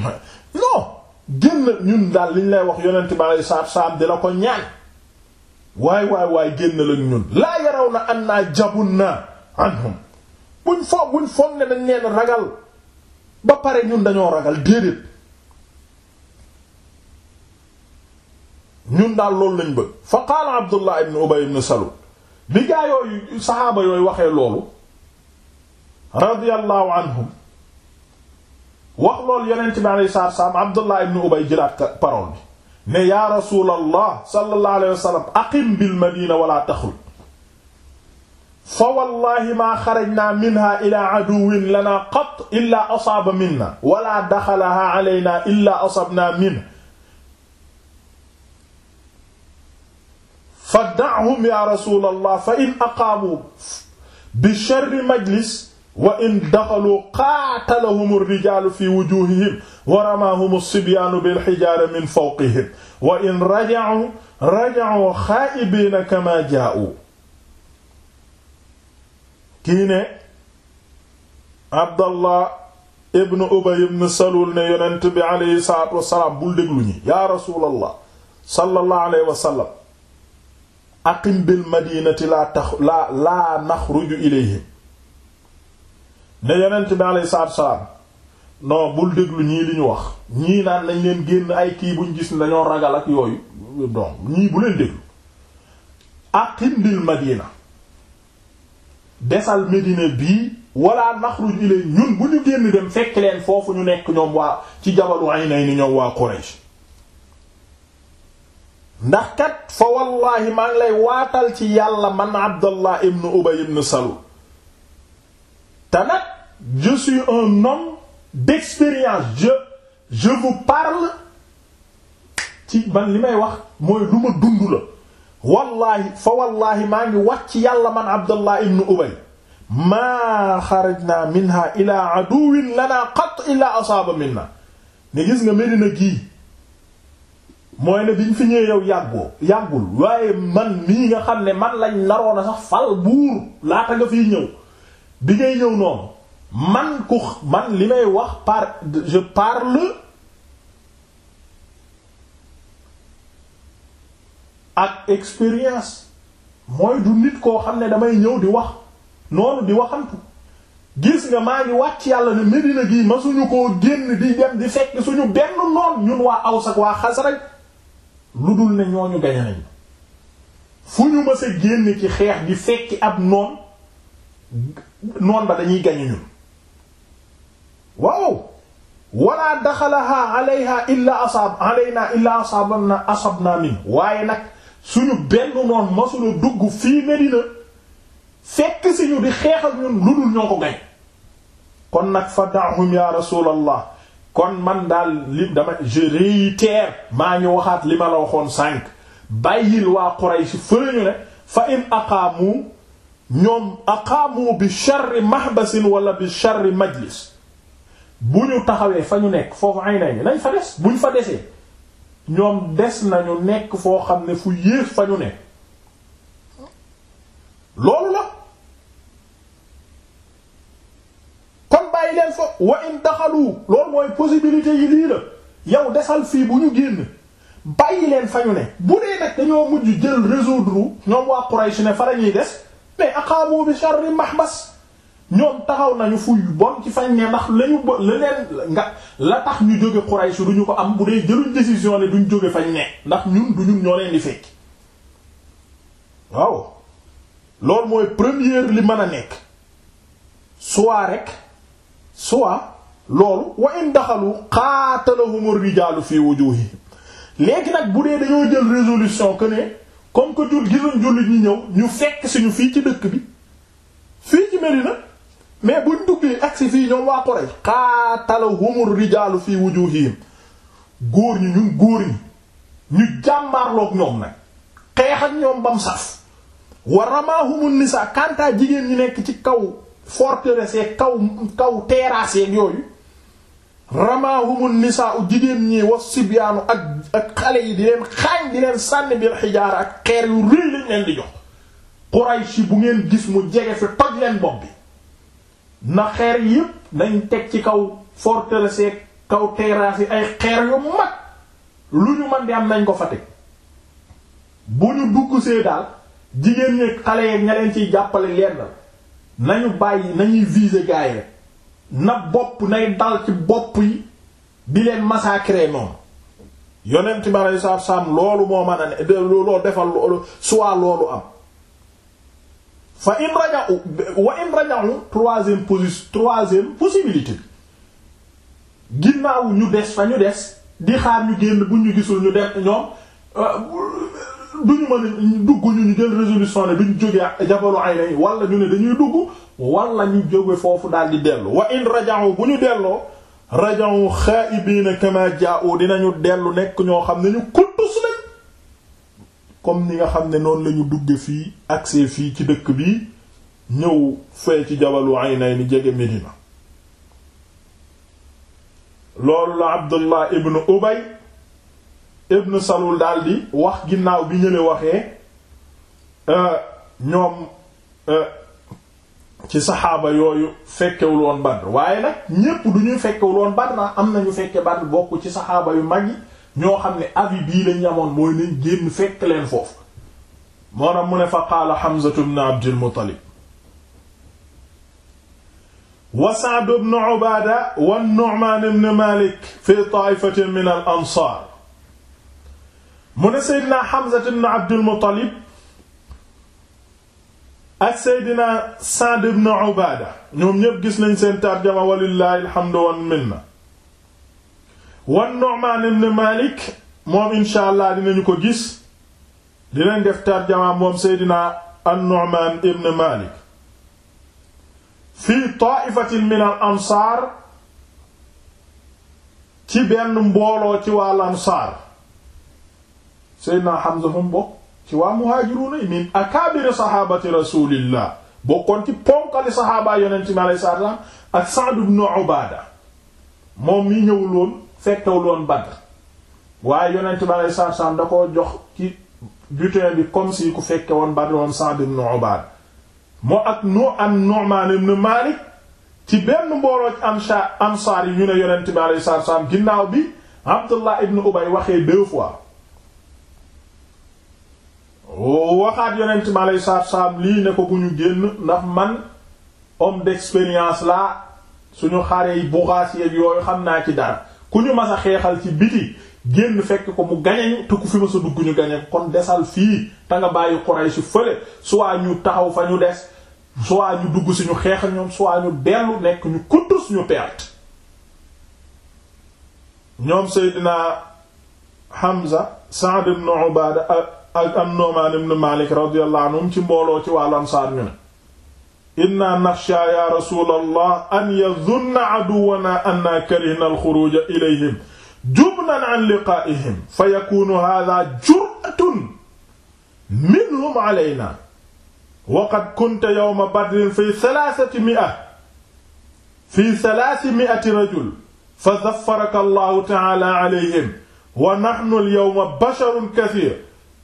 non génn ñun daal liñ lay wax yonent ba lay saab saab di la ko ñaan waaye waay waaye génn lañu ñun laa yaraw na an naa jabun na anhum buñ foog buñ foog ne dañ leen ragal ba pare ñun dañoo ragal déedéet ñun daal loolu lañ bëgg fa qaala Abdullah ibn Ubay ibn Salul bi gaa yooyu saxaaba yooyu waxee loolu radiyallahu anhum wax loolu yonent bi alayhi salaatu salaam Abdullah ibn Ubay jëlaat parole bi ne yaa rasulallah sallallahu alayhi wa aqim bil madina wala taxruj fa wallahi maa xarajnaa minha ila aduwin lana qat illa asaaba minna wala daxalaha alayna illa asabna minhu fa da'hum ya rasul allah fa in aqaamu bi sharri majlis wa in daxaluu qaatalahum alrijaalu fi wujuhihim wa ramaahum alsibyaanu bilxijaara min fawqihim wa in raja'u raja'u xaa'ibiina kama jaa'u kii ne abdallah ibn ubay ibn salul ne yonent bi aleyhi salaatu wasalaam bul déglu ñi yaa rasulallah sallallahu alayhi wa sallam aqim bil madinati laa tax laa laa naxruju ilayhim ne yonent bi aleyhi salaatu wasalaam non bul déglu ñii li ñu wax ñii naan lañ leen génn ay kii buñ gis ne dañoo ragal ak yooyu donc ñii bu leen déglu aqim madina desal Medina bii wala naxruj ilay ñun bu ñu génn dem fekk leen foofu ñu nekk ñoom waa ci jabalu Aynayni ñoom waa Quraysh ndax kat fa wallahi maa lay waatal ci yàlla man Abdallah ibn Ubay ibn Salul te nag je suis un homme d'expérience je vous parle ci man li may wax mooy lu ma dund la wallaahi fa wallaahi maa ngi wax ci yàlla man Abdullah ibn Ubay maa xarajnaa minha ila aduwin lana qat illa asaaba minna ne gis nga Medina gii mooy ne biñ fi ñëwee yow yàggoo yàggul waaye man mii nga xam ne man lañ naroon sax fal buur laata nga fiy ñëw bi ngay ñëw noonu man ku man li may wax par je parle ak expérience mooy du nit koo xam ne damay ñëw di wax noonu di waxantu gis nga maa ngi wàcc yàlla ne Medina gii ma suñu koo génn di dem di fekk suñu benn noon ñun waa Aws ak waa Xasraj lu dul ne ñooñu gañe nañu fu ñu mës génn ci xeex di fekki ab noon noon ba dañuy gañu ñun waaw wala daxalaha alayha illa asab alayna illa asabna waaye nag suñu benn noon masula dugg fii Medina fekk si ñu di xeexal ñun lu dul ñoo ko gañ kon nag fadaahum ya rasulallah kon man daal li dama je réitère maa ñu waxaat li ma la waxoon sànq bàyyil waa Quraysh fële ñu ne fa in aqaamu ñoom aqaamu bi sharri mahbasin wala bi sharri majlis bu ñu taxawee fa ñu nekk foofu ay nañ nañ fa des buñ fa desee ñoom des nañu nekk foo xam ne fu yées fañu ne loolu na kon bàyyi leen fa wa in daxalu loolu mooy possibilité yi lii la yow desal fii bu ñu génn bàyyi leen fañu ne bu dee nag dañoo mujj jël réseau ñoom waa Quraysh ne fa la des mais aqaamu bi sharri mahbas ñoom taxaw nañu fuy bon ci fañ ne ndax lañu bo la leen nga la tax ñu jóge Quraysh duñu ko am bu dee jëluñ décision ne duñ jóge fañ ne ndax ñun du ñun ñoo leen di fekk waaw loolu mooy première li mën a nekk soit rek soit loolu wa in daxalu xaatalahum rijaalu fii wujuuhihim léegi nag bu dee dañoo jël résolution que ne comme que jul gisuñ jullit ñi ñëw ñu fekk suñu fii ci dëkk bi fii ci Medina mais buñ duggee agsi fii ñoom waa Quraysh qaatalahumur rijaalu fii wujuuhihim góor ñi ñun góor ñi ñu jàmbaarloog ñoom nag xeex ak ñoom bam saf wa ramaahumun nisaa kantaa jigéen ñi nekk ci kaw forteresse kaw kaw terrasse yooyu ramaahumun nisaa u jigéen ñi wa sibyaanu ak ak xale yi di leen xaañ di leen sànni bil xijaara ak xeer yu rëy leen di jox Quraysh bu ngeen gis mu jege fi toj leen bopp bi na xeer yépp nañ teg ci kaw forteresse kaw terrasse yi ay xeer yu mag lu ñu mën di am nañ ko fa teg bu ñu dugg see daal jigéen ñi xale yeeg ña leen ciy jàppale leen la nañu bàyyi nañuy viser gaay na bopp nay dal ci bopp yi di leen massacrer noonu yonent bi aleyhis salaatu was loolu moo mën a ne loolu defal soit loolu am fa in raja'u wa in raja'u troisième position troisième possibilité ginnaaw ñu des fa ñu des di xaar ñu génn bu ñu gisul ñu def ñoom euh, duñu ñu a dugg ñu ñu jël résolution ne duñ jógee jabalu ay nañ wala ñu ne dañuy dugg wala ñu jóge foofu daal di dellu wa in raja'u bu ñu delloo raja'u xaa'ibiina kama jaa'u dinañu dellu nekk ñoo xam ne ñu comme ni nga xam ne noonu lañu dugge fii accès fii ci dëkk bi ñëw fee ci jabalu Aynayni jege Medina loolu la Abdullah ibn Ubay ibn Salul daldi wax ginnaaw bi ñële waxee euh, ñoom euh, ci saxaaba yooyu fekkewul woon Badr waaye nag ñépp du ñuy fekkewul woon Badr am na ñu fekke Badr bokk ci saxaaba yu mag yi ñoo xam ne avis bii lañ yamoon mooy nañ génn fekk leen foofu moo tax mu ne fa qaala Hamzatu ibn Abdul Muttalib wa Sa'd ibn Ubaada wa Nu'maan ibn Maalik fi taa'ifatin min al-ansaar mu ne Seydina Hamzatu ibn Abdul Muttalib ak Seydina Sa'd ibn Ubaada ñoom ñépp gis nañ seen tarjama walillaahi alhamdu wal minna wan Nu'man ibn Malik moom insha allah ko gis dinañ def tarjama moom Seydina an-Nu'man ibn Malik fii ta'ifatin min al-ansaar ci benn mbooloo ci waa lansaar Seydina Hamza fu ci waa muhaajiruuna yi min akaabiri saxaabati rasuulillah bokkoon ci ponkali saxaabaa yonent mi alayhi salaam ak Sa'd ibn Ubaada moom mi ñëwul woon fekkewul woon waaye yonent bi alei satu da ko jox ci butin bi comme si ku fekke woon Badr moom Sa'd ibn Ubaad moo ak no am Nu'man ibn Malik ci benn mbooloo ci amsa ansaar yi ñu ne yonent bi alei satu salaam ginnaaw bi Abdullah ibn Ubay waxee deux waxaat yonent bi alei satu lii ne ko bu ñu génn ndax man homme d'expérience la suñu xare yi buxaas yeeg yooyu xam naa ci dara ku ñu mas a xeexal ci biti génn fekk ko mu gañeñu te ku fi mas a dugg ñu gañe kon desal fii te nga bàyyi yu fële soit ñu taxaw fa ñu des soit ñu dugg si ñu xeex ñoom soit ñu dellu nekk ñu kuttus ñu perte ñoom Seydina Hamza Sa'd ibn Ubaada ak ak Nu'maan ibn Maalik radiyallahu anhum ci mbooloo ci wàllu Ansaar ñu ne inna naxsha ya rasulallah an yadunna aduwana anna karihna alxuruja ilayhim jubnan an liqaa'ihim fa yakunu hada juratun minhum alayna wa qad kunta yawma badrin fi salaasati mi'a fi salaasi mi'ati rajul fa zaffaraka allahu ta'ala alayhim wa nahnu al yawma basharun kathiir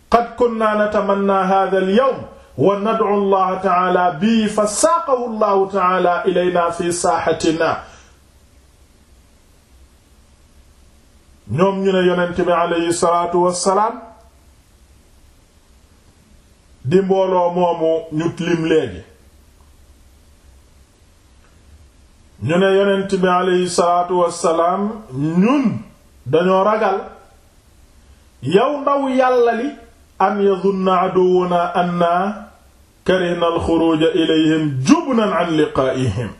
qad kunna natamanna hada al yawm wa nad'u allah ta'ala bi fa saaqahu allah ta'ala ilayna fi saahatina ñoom ñu ne yonent bi alayhi salaatu wassalaam di mbooloo moomu ñu lim léegi ñu ne yonent bi alayhi wassalaam ñun dañoo ragal yow ndaw yàllali am an yadunna aduwuna anna karihna alxuruja ilayhim jubnan an liqaa'ihim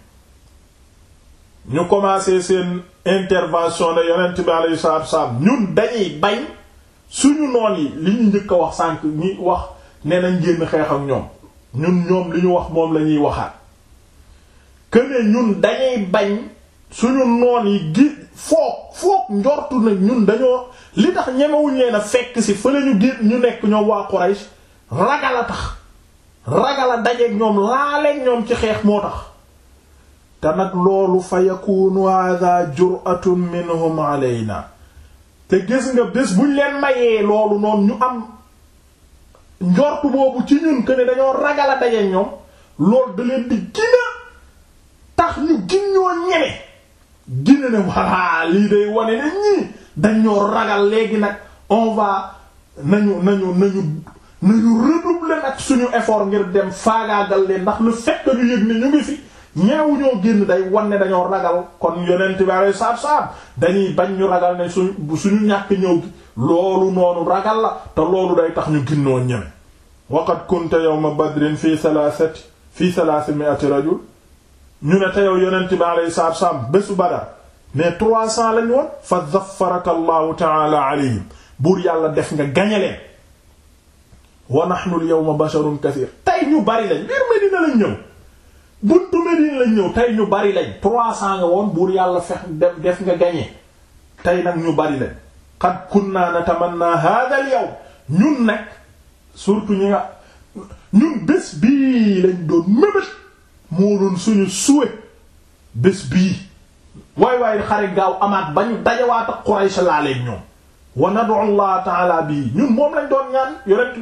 ñu commencé seen intervention ne yonent bi alayhi salaatu wassalaam ñun dañuy bañ suñu noon yi li ñu njëkk wax sànq ñu wax ne nañ génn xeex ñoom ñun ñoom li ñu wax moom la ñuy waxaat que ne ñun dañuy bañ suñu noon yi gi foog foog njortu na ñun dañoo li tax ñemewuñ leen a fekk si fële ñu ñu nekk ñoom waa Quraysh ragal a tax ragal a dajeeg ñoom laaleeg ñoom ci xeex moo tax te nag loolu fa yakunu hadha jur'atun minhum alayna te gis nga bés buñ leen mayee loolu noonu ñu am njortu boobu ci ñun que dañoo ragal a dajeeg ñoom loolu da leen di gina tax ñu gin ñoo ñeme gina ne waa lii day wane ne ñii dañoo ragal léegi nag on va nañu nañu nañu nañu redoubler nag suñu effort ngir dem faagaagal leen ndax le fait que ñu yëg ñu ngi fi ñeewu ñoo génn day wan ne dañoo ragal kon yonent bi alei saab-saab dañuy bañ ñu ragal ne suñ suñu ñàkk ñëw gi loolu noonu ragal la te loolu day tax ñu ginnoo ñeme waqad kunta yawma badrin fi salasati fi salasimi'ati rajul ñu ne te yow yonent bi alayhi salaatu bésu Badar mais trois cents lañ woon fa zaffaraka allahu taala alayhim buur yàlla def nga gañaleen wa nahnu al-yawma basharun kathir tey ñu bari lañ biir Medina lañ ñëw buntu Medina lañ ñëw tey ñu bari lañ trois cents nga woon buur yàlla fex def def nga gañee tey nag ñu bari lañ qad kunna natamanna hadha yow yawm ñun nag surtout ñi nga ñun bés bii lañ doon mébét moo doon suñu souhait bés bii waay waay xare gaaw amaat bañ dajawaat ak Quraysh laa leen ñoom wa nadu allah taala bii ñun moom lañ doon ñaan yonent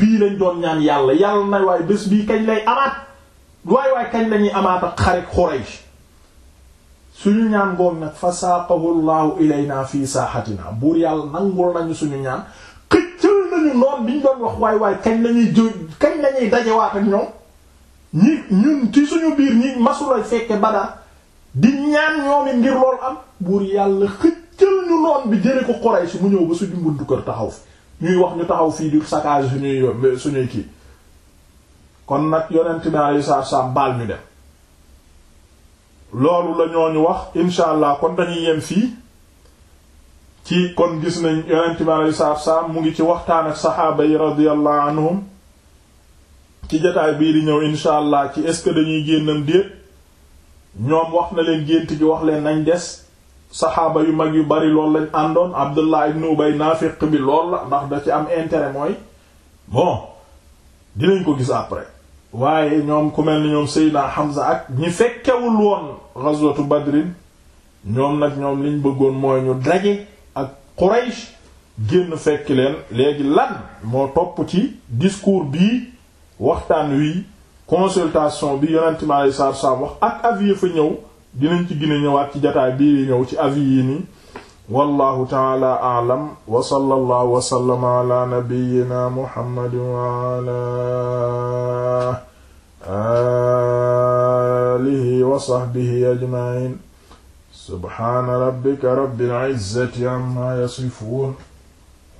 bii lañ doon ñaan yàlla yàlla na waaye bés bii kañ lay amaat waay lañuy amaat ak xare ñaan ngoom fa saaqahu llahu fii saaxatina buur yàlla nangul nañu suñu ñaan xëccal nañu noon biñ doon wax waay waay kañ lañuy dajawaat ak ñoom ñi ñun ci suñu biir ñi masula fekke Badar di ñaan ñoomi ngir lool am buur yàlla xëccal ñu noon bi jëre ko Quraysh mu ñëw ba suñu buntu kër taxaw fi ñuy wax ñu taxaw fii di saccage suñuy suñuy kii kon nag yonent bi alayhi salaatu salaam baal ñu dem loolu la ñooñu wax insha allah kon dañuy yem fii ci kon gis nañ yonent bi alayhi salaatu mu ngi ci waxtaan ak saxaaba yi radiyallahu anhum ci jotaay bii di ñëw incha allah ci est-ce que dañuy génnam déet ñoom wax na leen gént gi wax leen nañ des saxaaba yu mag yu bari loolu lañ àndoon Abdullah ibn Ubay naafiq bi lool la ndax da ci am intérêt mooy bon dinañ ko gis après waaye ñoom ku mel ni ñoom sëy Seydina Hamza ak ñi fekkewul woon ghazwatu Badrin ñoom nag ñoom liñ bëggoon mooy ñu daje ak Quraysh génn fekki leen léegi lan moo topp ci discours bii waxtaan wi consultation bi yonent mi alayhi salaatu salaam wax ak avis fa ñëw dinañ ci gine ñëwaat ci jataay bii ñëw ci avis yi nii taala a'lam wa sallallahu wa sallama ala nabiyyina muhammadin wa ala alihi wa sahbihi ajma'in subhana rabbika rabbil izzati amma yasifun